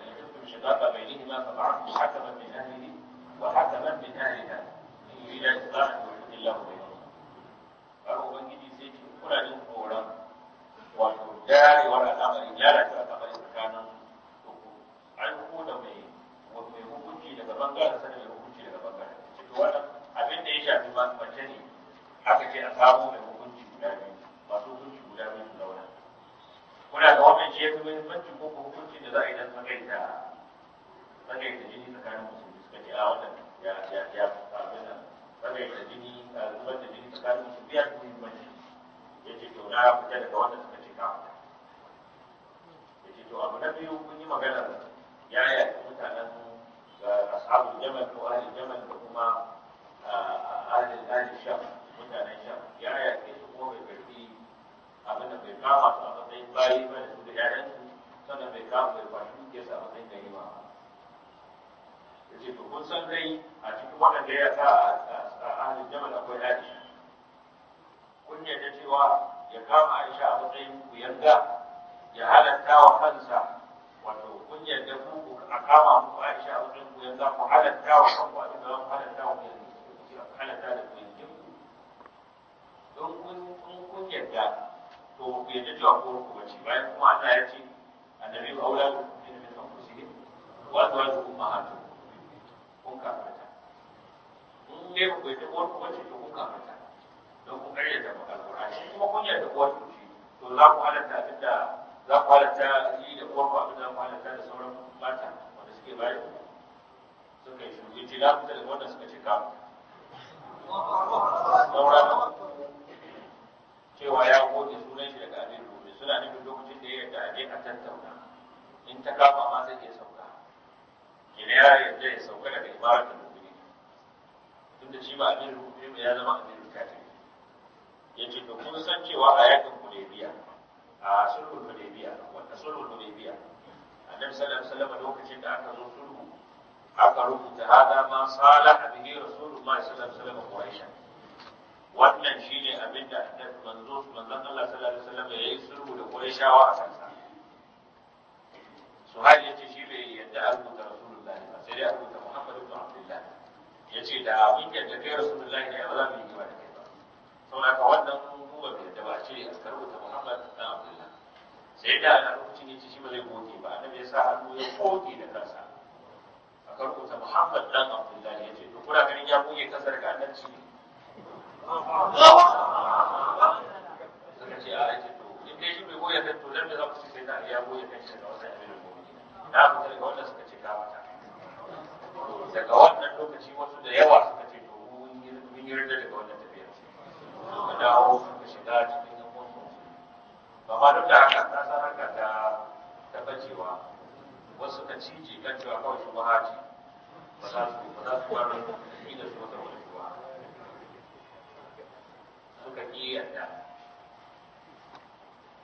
فإن خفتم شقاق بينهما فبعثوا حكما من أهله وحكما من أهلها إلى إصلاح illa ku ba ubangiji sai ce kuna jin tsoron wato jarewar al'amarin lalata al'amarin tsakanin uku an da mai mai hukunci daga bangaren sanin mai hukunci daga bangaren cikin wannan abin da ya shafi mace ne aka ce a samu mai hukunci guda biyu masu hukunci guda biyu su zauna kuna da wannan ce ya fi muhimmanci ko hukunci da za a yi don tsakaita tsakaita jini tsakanin musulmi suka ce a wannan ya ya ya abin nan wannan da jini a zubar da jini tsakanin su biyar kuma mace ya ce to na fita daga wanda suka ce ka ya ce to abu na biyu kun yi magana ya yi yaki mutanen ashabul yaman ko ahlul yaman da kuma ahlul ahlul sham mutanen sham ya yi yaki su kuma bai karfi abin da bai kama su a matsayin bayi ba su da yaran su sannan bai kama bai kwashi duke su a matsayin ganima ba ya ce to kun san dai a cikin waɗanda ya sa a ahalin jamal akwai aji kun yadda cewa ya kama aisha a matsayin kuyanga ya halatta wa kansa wato kun yadda ku a kama muku aisha a matsayin kuyanga ku halatta wa kanku abin da zan halatta wa halatta da kuyankin don kun yadda to ku yadda cewa ko ku bace bayan kuma Allah ya ce annabi aula min min anfusihim wa azwajuhum ummahatuhum kun kafarta in dai ku yi wani hukunci to kun kafarta don kun karya da alƙur'ani shi kuma kun yarda kuwa su shi to za ku halatta abin da za ku halatta yi da kuwa ku abin da ku halatta da sauran mata wanda suke bayar suka yi shuru ce za ku da wanda suka ce kafa sauran cewa ya goge sunan shi daga abin domin suna nufin lokacin da ya yarda a je a tattauna in ta kafa ma zai iya sauka ina ya yarda ya sauka daga ibarar da mummuni tunda shi ba abin rubuce ba ya zama abin kafiri ya ce to kun san cewa a yakin hudaybiya a sulhul hudaybiya wanda sulhul hudaybiya annabi sallallahu alaihi wasallam lokacin da aka zo sulhu aka rubuta hada ma salaha bihi rasulullahi sallallahu alaihi wasallam quraisha wannan shine abin da manzo manzon Allah sallallahu alaihi wasallam ya yi sulhu da quraishawa a kansa Su ya ce shi bai yadda a rubuta rasul sai dai abu da Muhammad ibn Abdullah ce da abin da ta kai Rasulullahi ne ba za mu yi kima da kai ba saboda ka wannan mu ba da ba ce a karbuta Muhammad ibn Abdullah sai da a lokacin yace shi ba zai goge ba annabi ya sa hannu ya goge da kansa a karbuta Muhammad dan Abdullah ce, to kuna ganin ya goge kansa daga annabci ne suka ce a yake to in dai shi bai goge kan to dan da za ku ci sai da ya goge kan shi da wannan abin da goge na ku tare ga wannan suka ce ka mata daga wannan lokaci wasu da yawa suka ce to mun yarda daga wannan tafiya suka dawo suka shiga cikin yan wasu ba ma duk da haka ta san haka ta tabbacewa wasu suka cije kan cewa kawai su ba za su ba za su ba mai da su wata wani ba suka ƙi yadda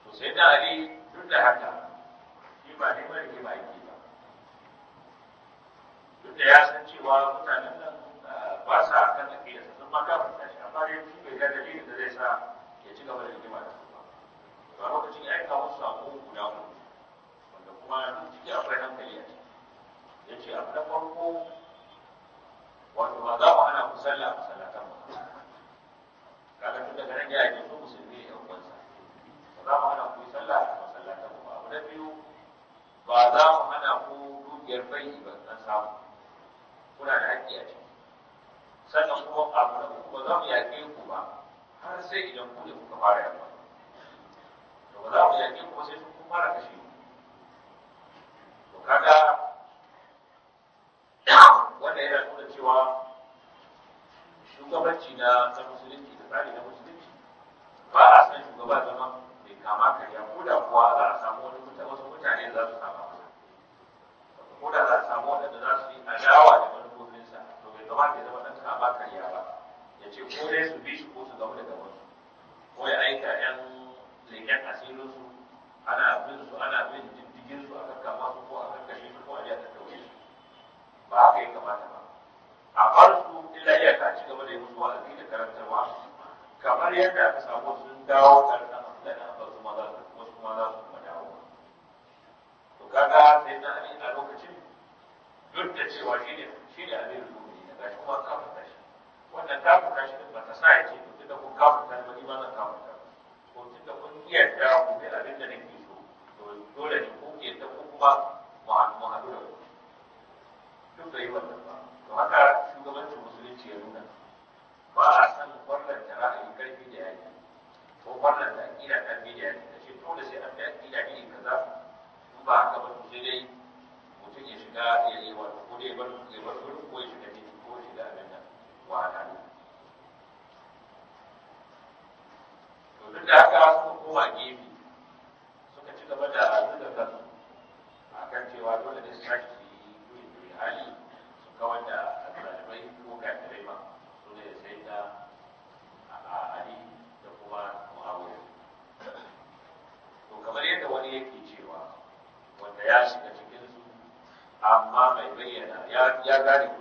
to sai da ali duk da haka shi ba ke ba yi. duk da ya san cewa mutanen nan ah, ba sa kan da kiyasa sun maka mutane amma dai shi bai ga dalilin da zai sa ya ci gaba da rigima da su ba ba lokacin ya aika musu sako guda hudu wanda kuma ciki akwai hankali a ciki ya ce abu na farko wato ba za mu hana ku sallah ku sallata mu kaga tun daga nan ya yi su musulmi ne yan uwansa ba za mu hana ku yi sallah ku sallata mu ba abu na biyu ba za mu hana ku dukiyar bai ba na samu kuna da haƙƙi a ciki sannan kuma abu da kuma za mu yaƙe ku ba har sai idan ku ne kuka fara yamma to ba za mu yaƙe ku sai kun fara kashe ku to kaga wanda yana nuna cewa shugabanci na na musulunci da tsari na musulunci ba a san shugaba zama mai kama kariya ko da kuwa za a samu wani mutane wasu mutane za su saba ko da za a samu waɗanda za su yi adawa da wani kamata ya zama ɗan ka ba karya ba ya ce ko dai su bi shi ko su gamu da gaban su ko ya aika yan leƙen asirin su ana bin su ana bin diddigin su a kakkama su ko a kakkashe su ko a biya ta tauye su ba haka ya kamata ba a bar su illa iya ta ci gaba da yi musu wa'azi da karantarwa kamar yadda aka samu sun dawo tare da Abdullahi Abbas kuma su wasu kuma za su kuma dawo to kaga sai na a lokacin duk da cewa shine shine abin ruwa ga shi kuma kafurta shi wannan kafurta shi ba ta sa ya ce tun da kun kafurta ba ni ba zan kafurta ko tun da kun yarda ku bi abin da nake so to dole ne ku ke ku kuma mu haɗu da ku duk da yi wannan ba to haka shugabancin musulunci ya nuna ba a san wannan da ra'ayi karfi da yaki ko wannan da aƙida karfi da yaki da shi dole sai an bi aƙida iri kaza in ba haka ba to sai dai mutum ya shiga ya yi wani ko dai ya bar ya bar ko ya shiga cikin da abin nan wahalhalu to duk da haka suka koma gefe suka ci gaba da azuga kansu a kan cewa dole da sake yi yi hali su kawar da zalibai ko kafirai ma su ne sai na ali da kuma muawiya to kamar yadda wani yake cewa wanda ya shiga cikin su amma mai bayyana ya gane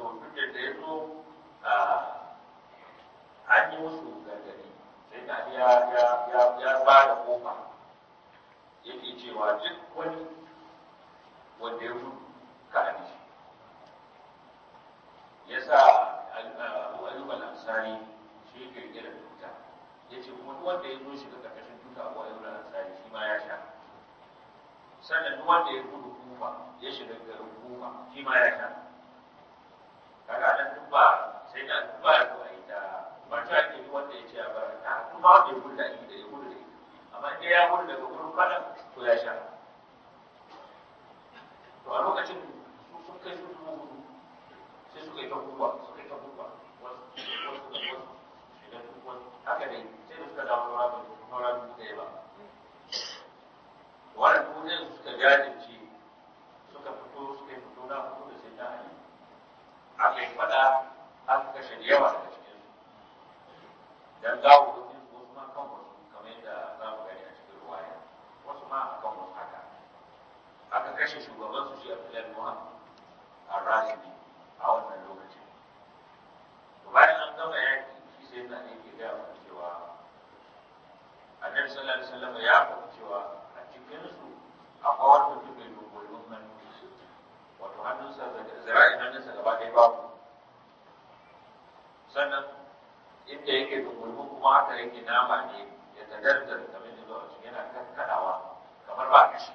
longer kuma haka yake nama ne ya tadaddar kamar yana kankanawa kamar ba kashi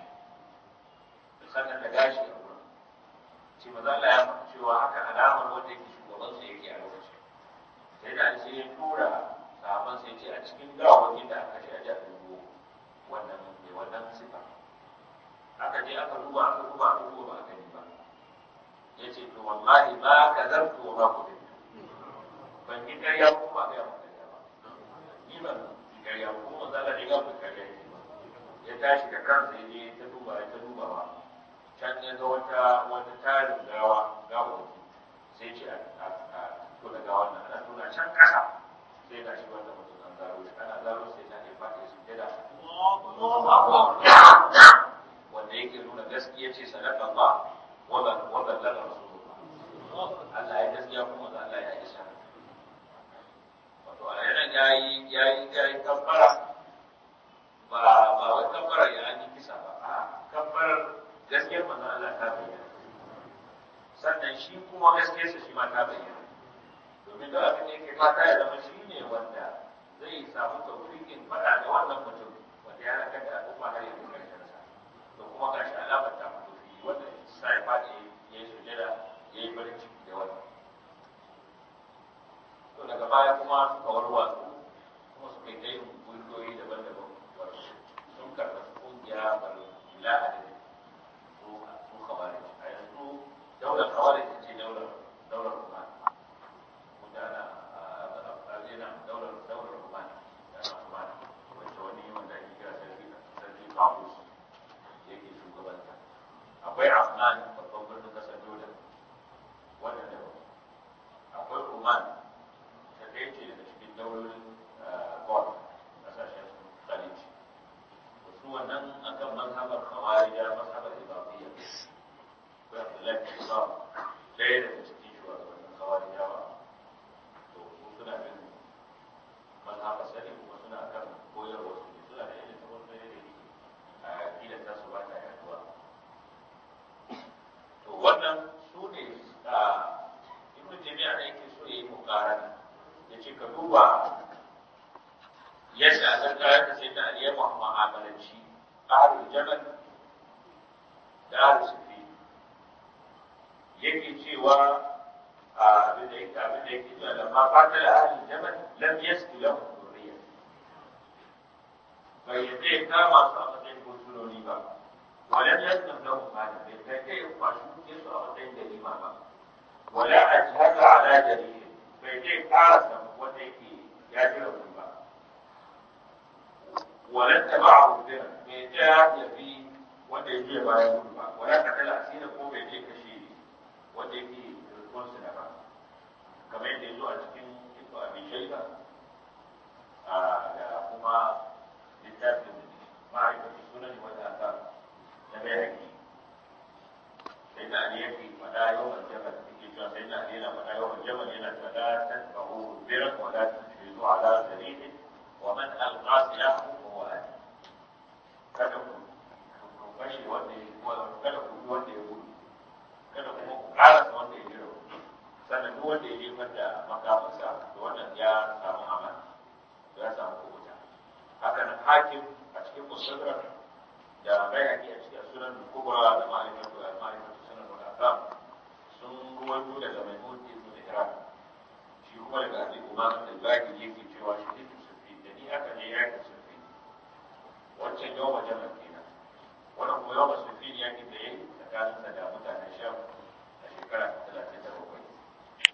ta ya zama shi ne wanda zai samu taurikin faɗa wannan su ne ibn jami'a ne ke so ya yi mukarana ya ce ka duba yadda a zarkara da sai ta aliyar mu'amalanci ƙarin jamal da ƙarin sufi yake cewa abin da yake abin da yake cewa lamma fata da ahli jamal lam yasku lahu dhurriya bai yadda ya kama su a matsayin gursuloni ba wa lam yasku lahu mali wala haka ala lajari bai ce kara samu wanda yake ya ji rauni ba wala a dira mai ja ya bi wanda yake bayan gudu ba wala a asira ko bai ce kashe wanda yake rikon da ba kamar yadda ya zo a cikin a abi shayba da kuma littafin ma'aikata sunan wata ta na bai haƙi sai na ne yake fada yawan فلا تتبعوه الفرق ولا تجلسوا على سبيله ومن القى سلاحه فهو اهله kada ku kada wanda ya kuma wanda ya wanda ya da makamansa da wannan ya samu amana ya samu kubuta a cikin da a sunan kubra da ma'aikatu da sun ruwaito daga mai mutu ibn ورد أبيهما الباكي في cewa shahid sufi da ni aka je yakin sufi wancan yau wajen madina wannan kuma yau sufi ne yakin da ya yi tsakanin da da mutanen sham a shekara talatin da bakwai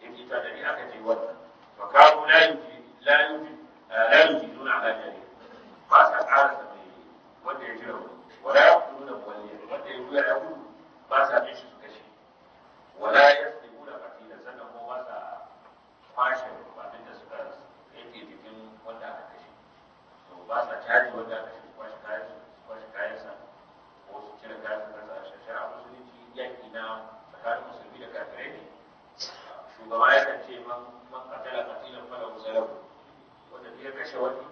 in ita da ni aka je wannan fa layu ji nuna ala jari ba sa ƙara sa mai wanda ya jira wala ya kuma nuna wanda ya juya ya gudu ba sa bin shi su wala ya kwashe abin da suka yanke jikin wanda aka kashe to ba sa caji wanda aka kashe kwashe kayan su kwashe kayansa ko su cire kayan su shashar a shashara musulunci yaƙi na tsakanin musulmi da kafirai ne shugaba ya kan ce man man katala katilan fala musalaku wanda ya kashe wani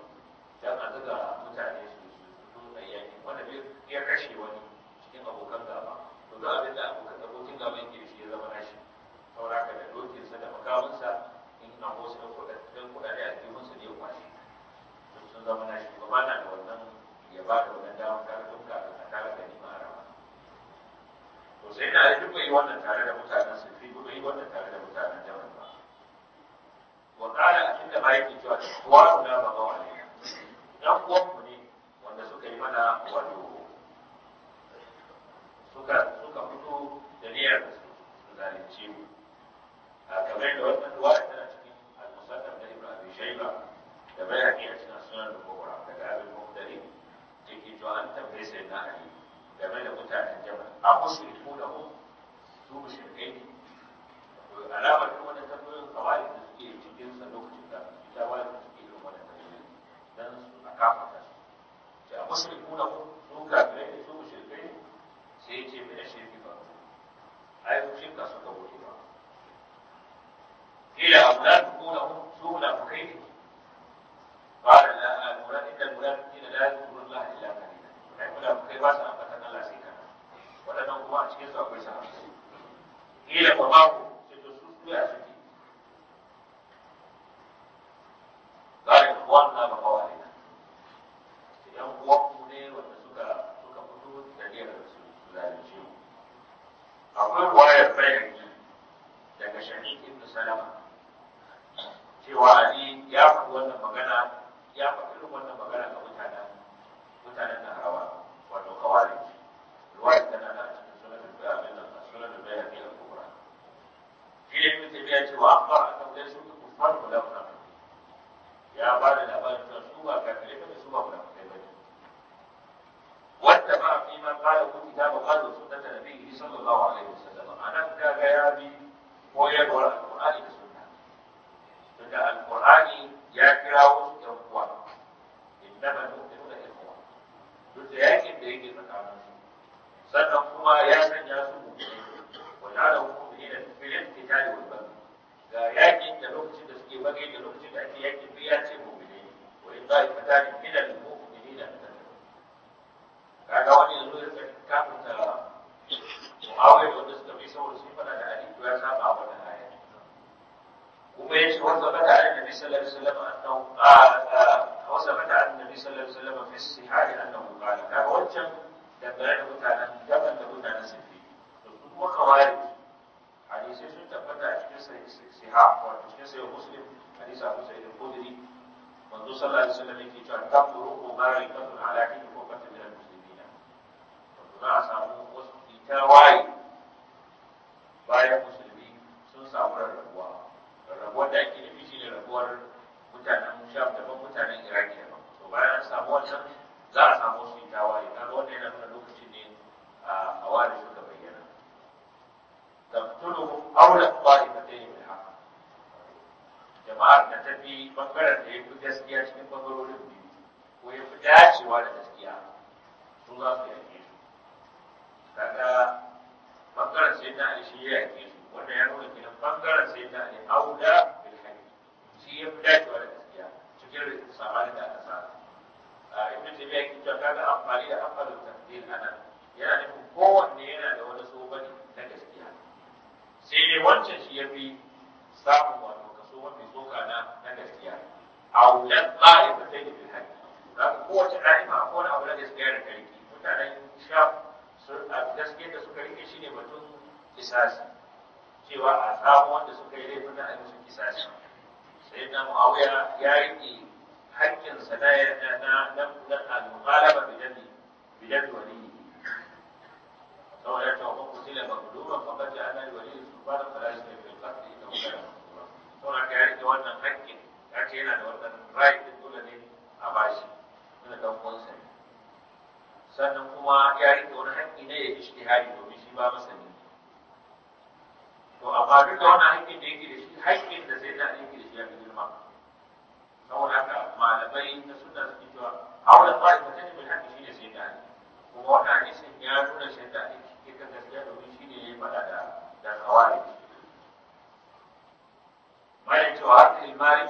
dan a zuga mutane su su a yaƙi wanda ya kashe wani cikin abokan gaba to ga abin da abokin gaba yake ba da wannan dama ka duka da tsakanin da nima a rama to sai na da duka yi wannan tare da mutanen su fi duka yi wannan tare da mutanen jaman ba wa kala inda da yake cewa kuwa suna ba ba wani dan uwanmu ne wanda suka yi mana wato suka suka fito da niyyar su zalunce mu kamar da wannan ruwa tana cikin al-musannaf da Ibrahim Shayba da bayan game da mutanen jama'a a kusurtu da hu su mushrikai ne alamar kuma da tambayoyin kawai da suke cikin sa lokacin da ita wani da suke yin wani tambayoyin dan su a kafa su a mushriku da hu su kafirai ne su mushrikai ne sai ce mina shirki ba ai su shirka suka wuce ba ila abdan 你好。located at the end ya yi hakkin sadayar na na na al married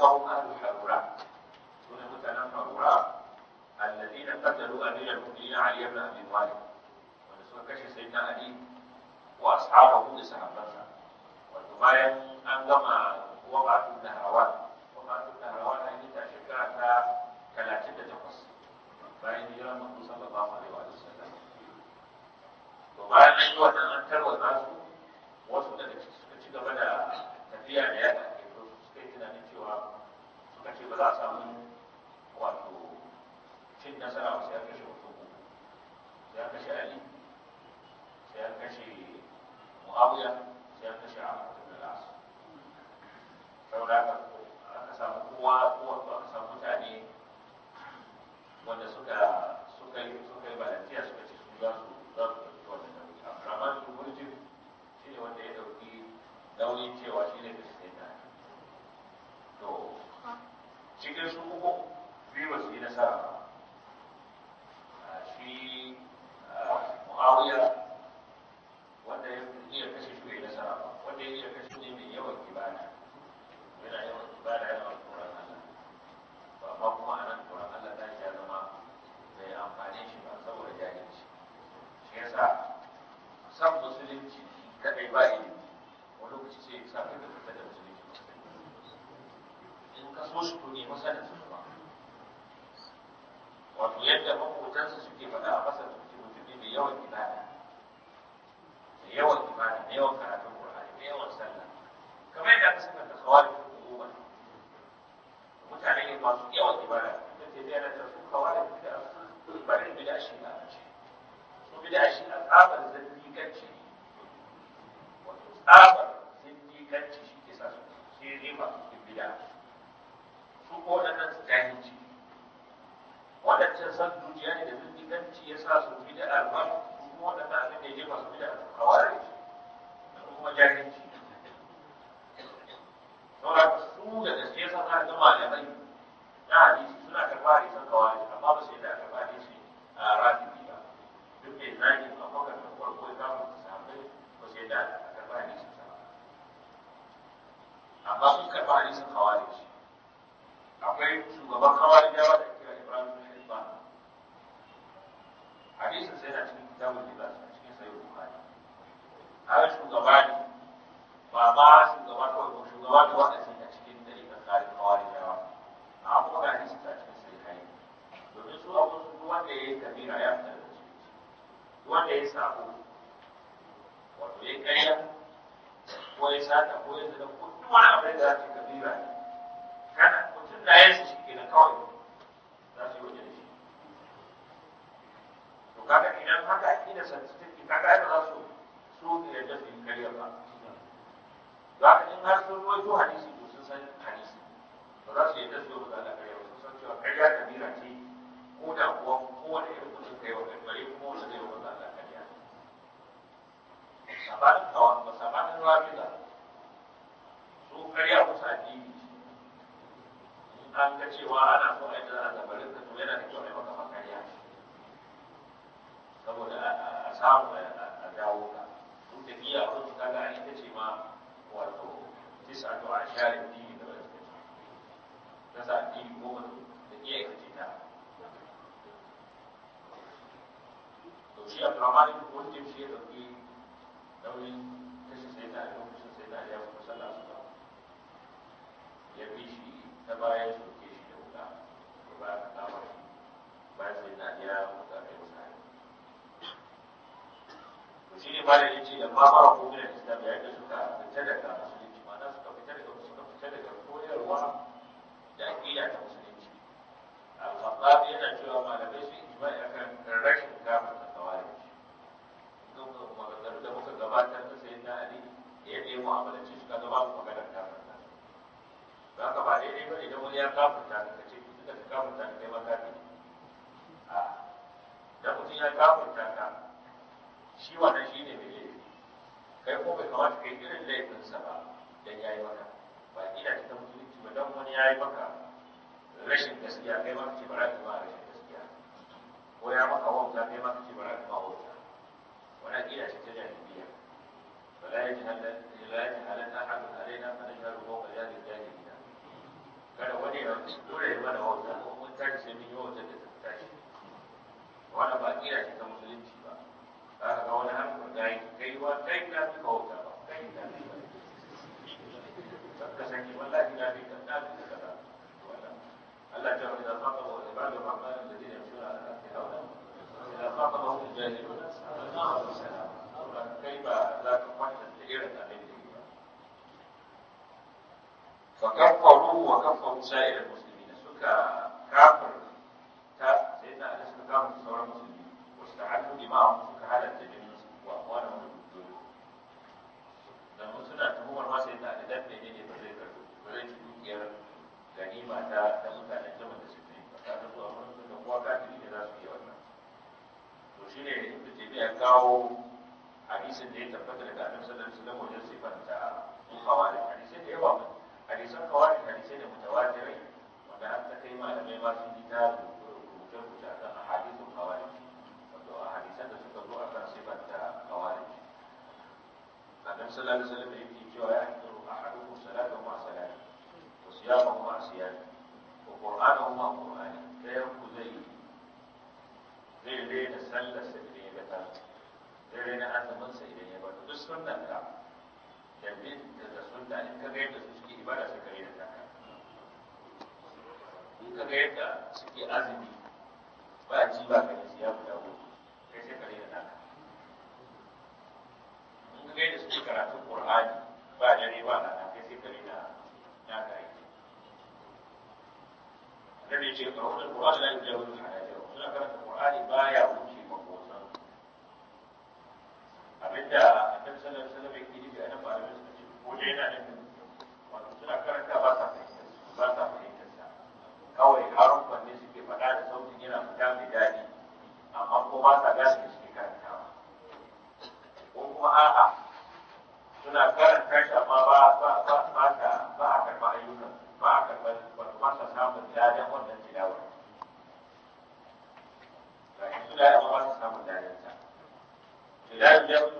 Wow. Yeah, yeah.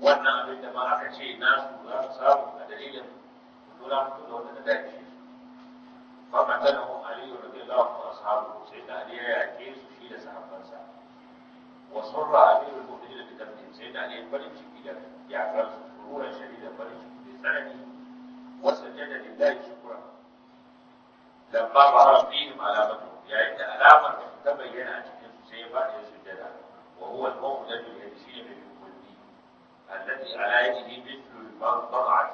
wannan abin da ma aka ce nasu za su samu a dalilin lura da wanda da dace fa matana hu ali radiyallahu anhu ashabu sai da ali ya yake su shi da sahabbansa wa surra amirul mu'minin bi dafin sai da ali farin ciki da ya kan sururan shadida farin ciki da tsanani wa sajjada lillahi shukran lamma bara fihim alamatu yayin da alamar ta bayyana a cikin su sai ya fadi sujjada wa huwa al-mawdu alladhi yashiri bihi allati ala yadihi mithlu al-bad'at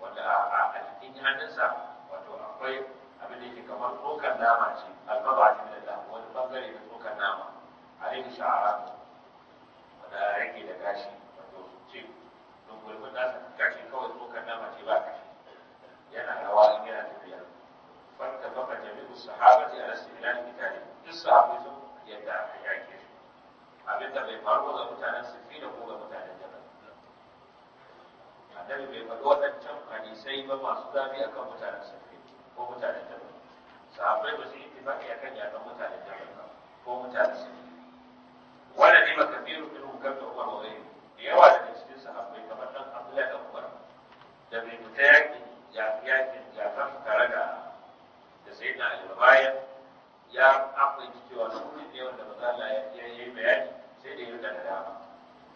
wanda a cikin hannunsa wato akwai abin da yake kamar tsokan nama ce al-bad'at min Allah wani bangare na tsokan nama alaihi sha'ara wanda yake da gashi wato ce don gulbin nasa gashi kawai tsokan nama ce ba kashi yana rawa in yana tafiya farka baka jami'u sahabati ala yadda bai faru ga mutanen sifina ko annabi bai faɗi waɗancan hadisai ba masu zafi akan mutanen sarki ko mutanen jama'a sahabbai ba su yi tifaki akan yakan mutanen jama'a ko mutanen sarki wanda ne makafiru min hukam da umar wa ghairi da yawa daga cikin sahabbai kamar nan abdullahi da umar da bai fita yakin yakin yakan tare da da sai ali bayan ya akwai cewa na mutum ne wanda maza ya yi bayani sai da ya da dama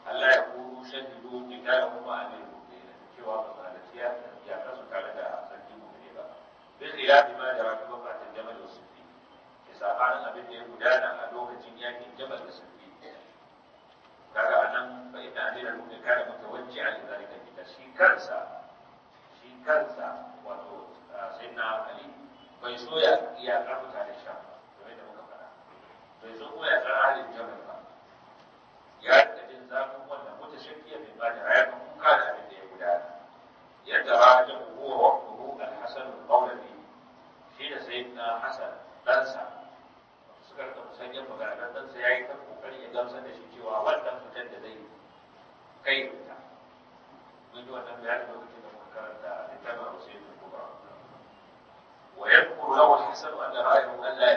Allah ya kuru shahidu ne kada kuma amin cewa ba zalaciya ya kasu tare da sarki mummune ba bin khilafi ma da rakiba fatin jamal da sufi ke sabanin abin da ya gudana a lokacin yakin jamal da sufi kaga anan fa inna amira mu'min kana mutawajji'an li zalika bi shi kansa shi kansa wato sayyidina ali bai so ya ya karbuta da sha kamar da muka fara bai so ko ya tsara halin jamal ba ya rika jin zafin wannan mutashakkiyar bin ba da rayuwa kuka da abin da ya gudana يتراجم هو وابنه الحسن القولبي شين سيدنا حسن ɗansa suka rika musanyen maganar ɗansa ya yi ta kokarin gamsar da shi cewa wannan fitar da zai kai fita mun yi wannan bayani lokacin da muka karanta littafin Hussein da Kubra wa yadkuru lahu al-hasan wa anna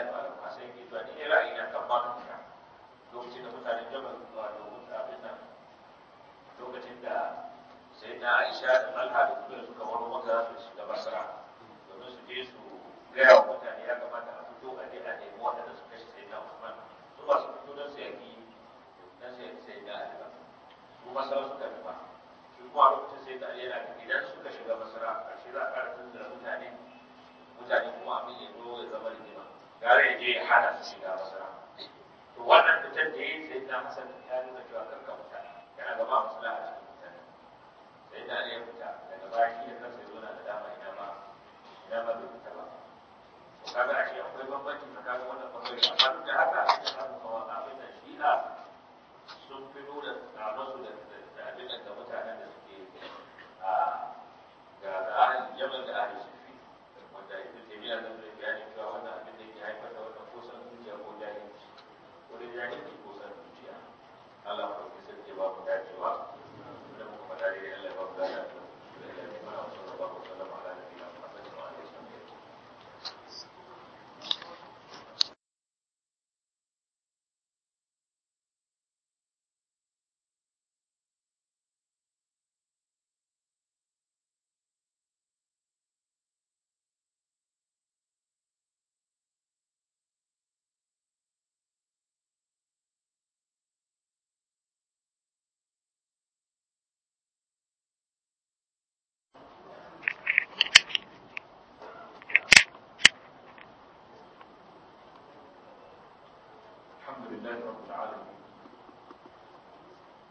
لله رب العالمين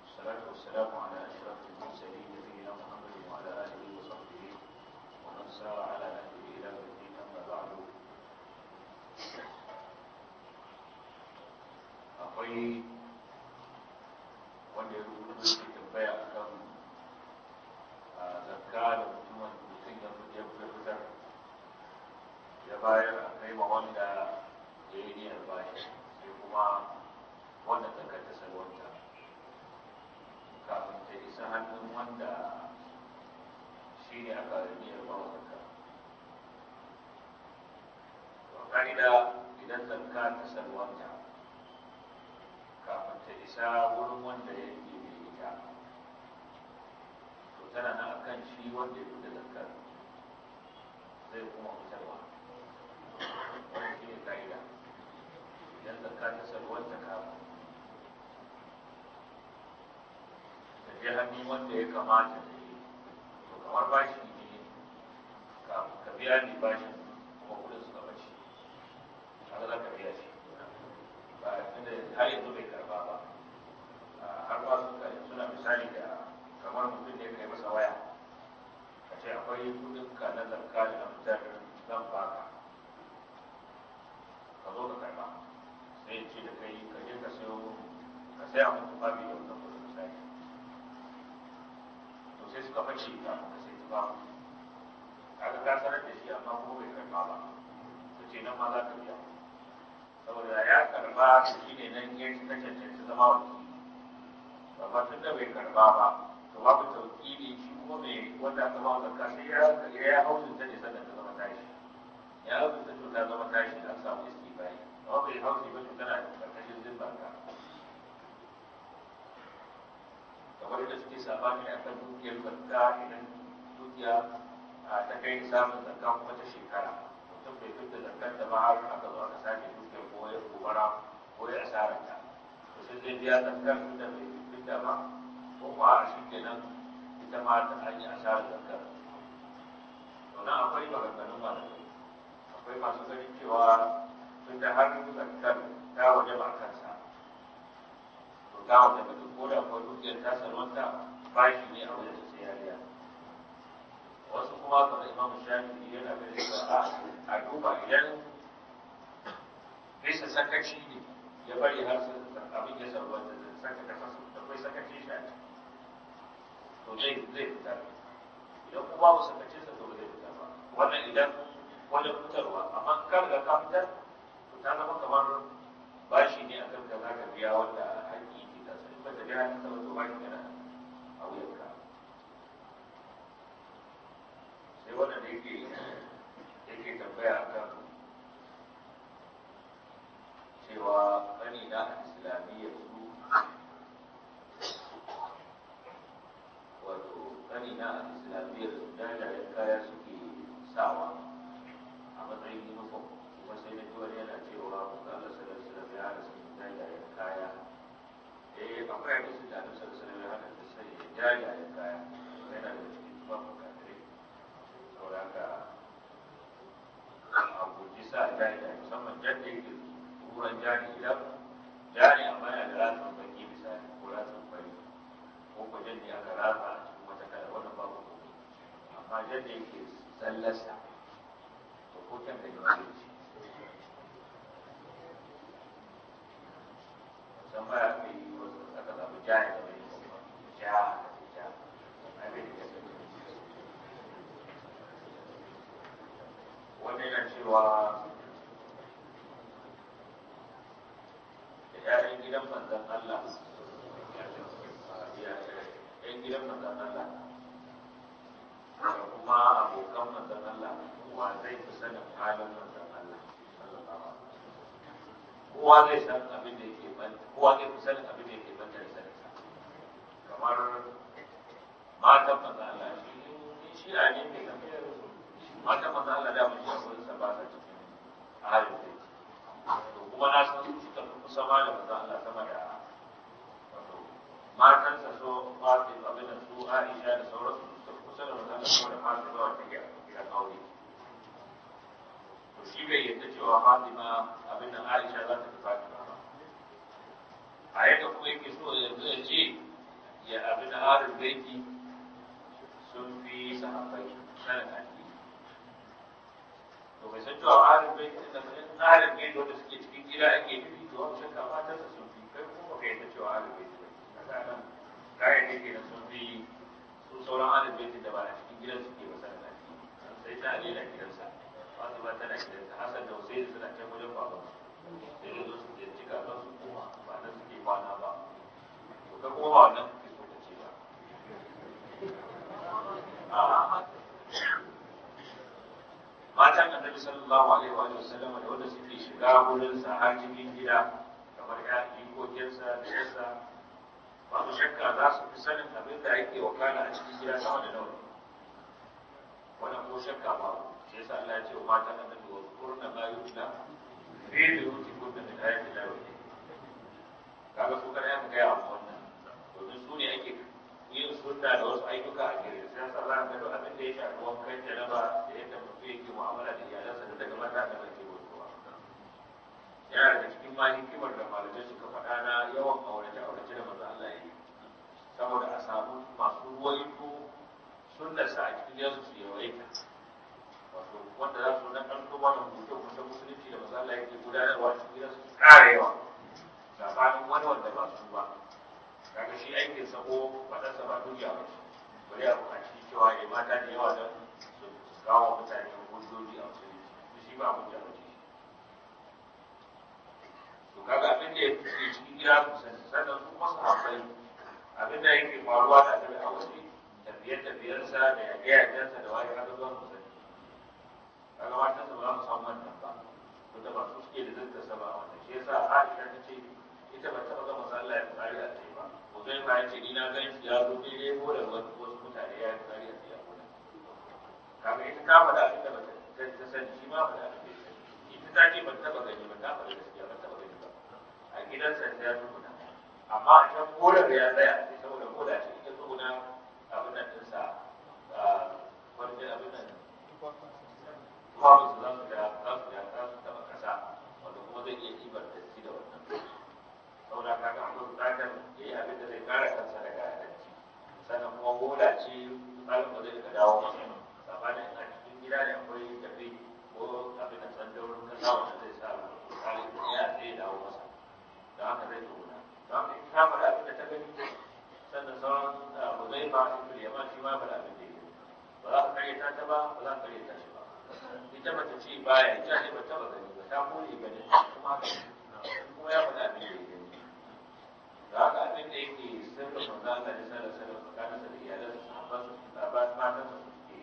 والصلاة والسلام على أشرف المرسلين نبينا محمد وعلى آله وصحبه ومن سار على نهجه إلى الدين أما بعد akwai ka'ida idan zakka ta salwanta kafin ta isa wurin wanda ya yi mai ita to tana nan akan shi wanda ya fita zakar zai kuma fitarwa wani shi ne ka'ida idan zakka ta salwanta kafin ta je hannu wanda ya kamata ta to kamar bashi ne kafin ka biya ne bashin kaga za ka biya shi ba tunda har yanzu bai karba ba har ma suna misali da kamar mutum ne kai masa waya A ce akwai kudin ka na zarka da na fitar zan baka ka zo ka karba sai ce da kai ka je ka sayo ka saya mutu babu yau na kudin misali to sai suka fashe ka ka sai ta babu kaga ka sanar da shi amma kuma bai karba ba to ce nan ma za ka biya saboda ya karba shi ne nan ya ta cancanci zama wakili amma tun da bai karba ba to babu tauƙili shi kuma mai wanda aka bawa zakka sai ya hau ya ta ne sannan ta zama tashi ya hausunta to ta zama tashi an samu ba istifayi amma hau su ba to tana karkashin zimbarka kamar yadda suke sabani a kan dukiyar zakka idan dukiya ta kai samun zakka kuma ta shekara mutum bai fitta zakkar da ba har aka zo aka sake ko ya gobara ko ya ta sai zai biya zakar da bai fita ba ko kuma a shi kenan ita ma ta an yi asarar ta to na akwai maganganun malamai akwai masu ganin cewa tun da har zakar ta waje ba kansa to ta waje ba duk ko da akwai dukiyar ta salwanta ba shi ne a wajen sai yariya wasu kuma kamar imam shafi yana ganin cewa a duba idan rashin sakaci ne ya bari har abin ya zarwa da saka tafasa da kai sakaci shi a to zai zai fita idan kuma ba sakacin sa to zai fita ba wannan idan wani fitarwa amma kar da ka fitar to ta zama kamar bashi ne akan ka za ka biya wanda haƙƙi ke da su ba ta biya ta wato ba kana a wuyanka sai wannan da yake kowa zai san abin da yake ban kowa zai fi sanin abin da yake ban da sanarsa kamar matan manzo Allah shi shi a ne ne kamar matan manzo Allah da mu ya wurin sa ba sa cikin halin da to kuma na san shi ta fi sama da manzo Allah sama da wato sa so ba fatima abin da su a Aisha da sauransu su kusa da manzo Allah sama da fatima wanda ya kawo shi bai yadda cewa fatima abin nan aisha za ta fi ba a yadda kuma yake so yanzu ya ce ya abin da arin baiti sun fi sahabbai sanin addini to bai san cewa da suke cikin gida ake nufi to wani shakka matan sa sun fi kai kuma baka yadda cewa ba kaga kayan da ke da sun fi sauran da ba a cikin gidan suke ba sanin addini sai ta alila gidansa fatima tana a hasan da husaini suna can wajen baban sai ya zo su ziyarci kakan su kuma ba nan suke kwana ba to ka kuma ba wannan kake so ta ce ba matan annabi sallallahu alaihi wa sallam da wanda suke shiga wurin sa har cikin gida kamar ya jikokinsa da yasa babu shakka za su fi sanin abin da yake wakana a cikin gida sama da nawa wannan ko shakka babu sai yasa Allah ya ce wa matan annabi wa qurna ma yutla fi buyuti kunna min ayati Allah kaga su kana yanka kai amma wannan domin su ne ake yin sunna da wasu ayyuka a gare sai yasa Allah ya ga abin da ya shafi wankan janaba da yadda mutum yake mu'amala da iyalansa da daga mata da mace yana da cikin ma hikimar da malamai suka faɗa na yawan aurace-aurace da maza Allah ya yi saboda a samu masu ruwaito sunnarsa a cikin yansu su yawaita wato wanda za su nan ɗan duba da hukunce hukunce musulunci da masu Allah yake gudanarwa cikin gidan karewa, da tsakanin wani wanda ba su ba kaga shi aikin sa ko faɗansa ba duniya ba ce bari a buƙaci cewa ya mata da yawa don su kawo mutane a hujjoji a musulunci shi ba hujja ba ce to kaga abin da ya fi cikin gida su sannan su kuma sahabbai abin da yake faruwa da a waje tafiye-tafiyarsa da yaƙe-yaƙensa da wani abubuwan kaga matan su ba mu samu wannan ba wanda ba su suke da danta sa ba wannan shi yasa Aisha ta ce ita ba ta ga manzo Allah ya bukari a ce ba ko kai ba ya ce ni na gan shi ya zo daidai ko da wasu mutane ya tsari a ce ya kuma kaga ita ta faɗa ita da ba ta ta sani shi ma faɗa abin da ita ta ce ba ta taɓa gani ba ta faɗa gaskiya ba ta taɓa gani ba a gidan sa ta ya tukuna amma a can ko daga ya tsaya sai saboda ko da ce ita tukuna abin nan ɗinsa kwanci ah, abin nan kwano su za da za da za su taba kasa wanda kuma zai iya kibar da shi da wannan saboda kaga akwai bukatar ya yi abin da zai kara kansa daga danci sannan kuma gola ce tsarin da zai ka dawo masa sabanin a cikin gida ne akwai tafi ko abin da sandaurin kasa wanda zai sa tsarin da ya zai dawo masa Da haka zai tona don haka ita ta faɗa abin da ta gani sannan sauran ba zai ba shi ma faɗa abin da ya ba za ka karyata ta ba ba za ka karyata shi ita ba ce baya ita ne ba ta ba gani ba ta kore gani kuma kuma ya faɗa abin da ya gani da haka abin da yake sirrin manzo Allah da sallallahu alaihi wasallam da iyalansa sahabbansa da ba suke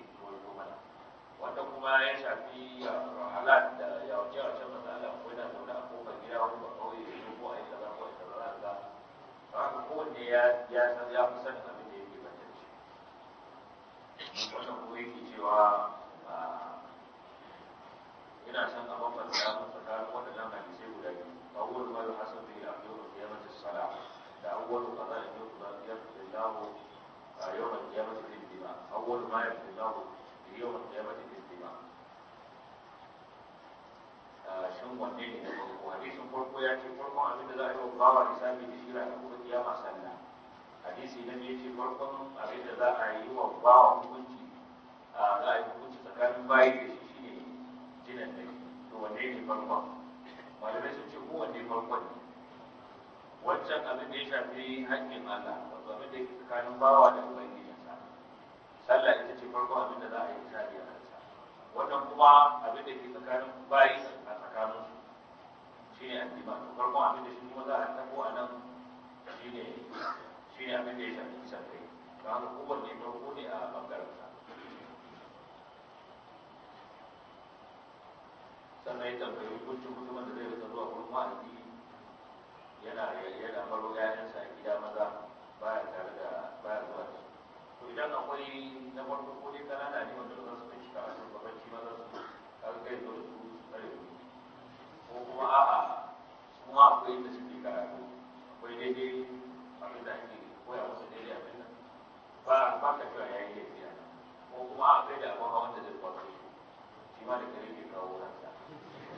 mana wanda kuma ya shafi halat da ya wuce a can manzo Allah ko yana zaune a kofar gida ko ba kauye ko a yi ko a yi kaza za ka haka kowanne ya san ya fi sanin abin da yake bata da wannan ko yake cewa ina san a bambanta mun tsakanin waɗannan hadisai guda biyu awwal ma yuhasabu bihi a al-qiyamati as-salah da a awwal qada yuqda lahu yawm al-qiyamati al-dima awwal ma yuqda lahu yawm al-qiyamati al-dima shin wanne ne da farko hadisin farko ya ce farkon abin da za a yi wa bawa hisabi da shi ranar gobe kiyama sallah hadisi na biyu ce farkon abin da za a yi wa bawa hukunci za a yi hukunci tsakanin bayi da shi gina da to wanne ne farko malamai sun ce ko wanne farko ne wancan abin da ya shafi haƙƙin Allah wato abin da tsakanin bawa da sallah ita ce farko abin da za a yi a kansa wannan kuma abin da ke tsakanin bayi a tsakanin shi ne addima farkon abin da shi kuma za a tabo a nan shi ne abin da ya shafi kisan kai don haka kowanne farko ne a ɓangaren sa sannan ya tambayi hukuncin mutumin da zai rika zuwa wurin wa'azi yana yana baro ƴaƴansa a gida maza baya tare da baya zuwa da to idan akwai na farko ko dai kanana ne wanda za su kai shi karatu babanci ma za su kaga kai zo su tsare ko kuma a'a kuma akwai da suke karatu akwai daidai abin da ake koya musu daidai abin nan ba ba ka cewa ya yi laifiya ko kuma akwai da abin hawan da zai kwakwai shi ma da kare ke kawo ransa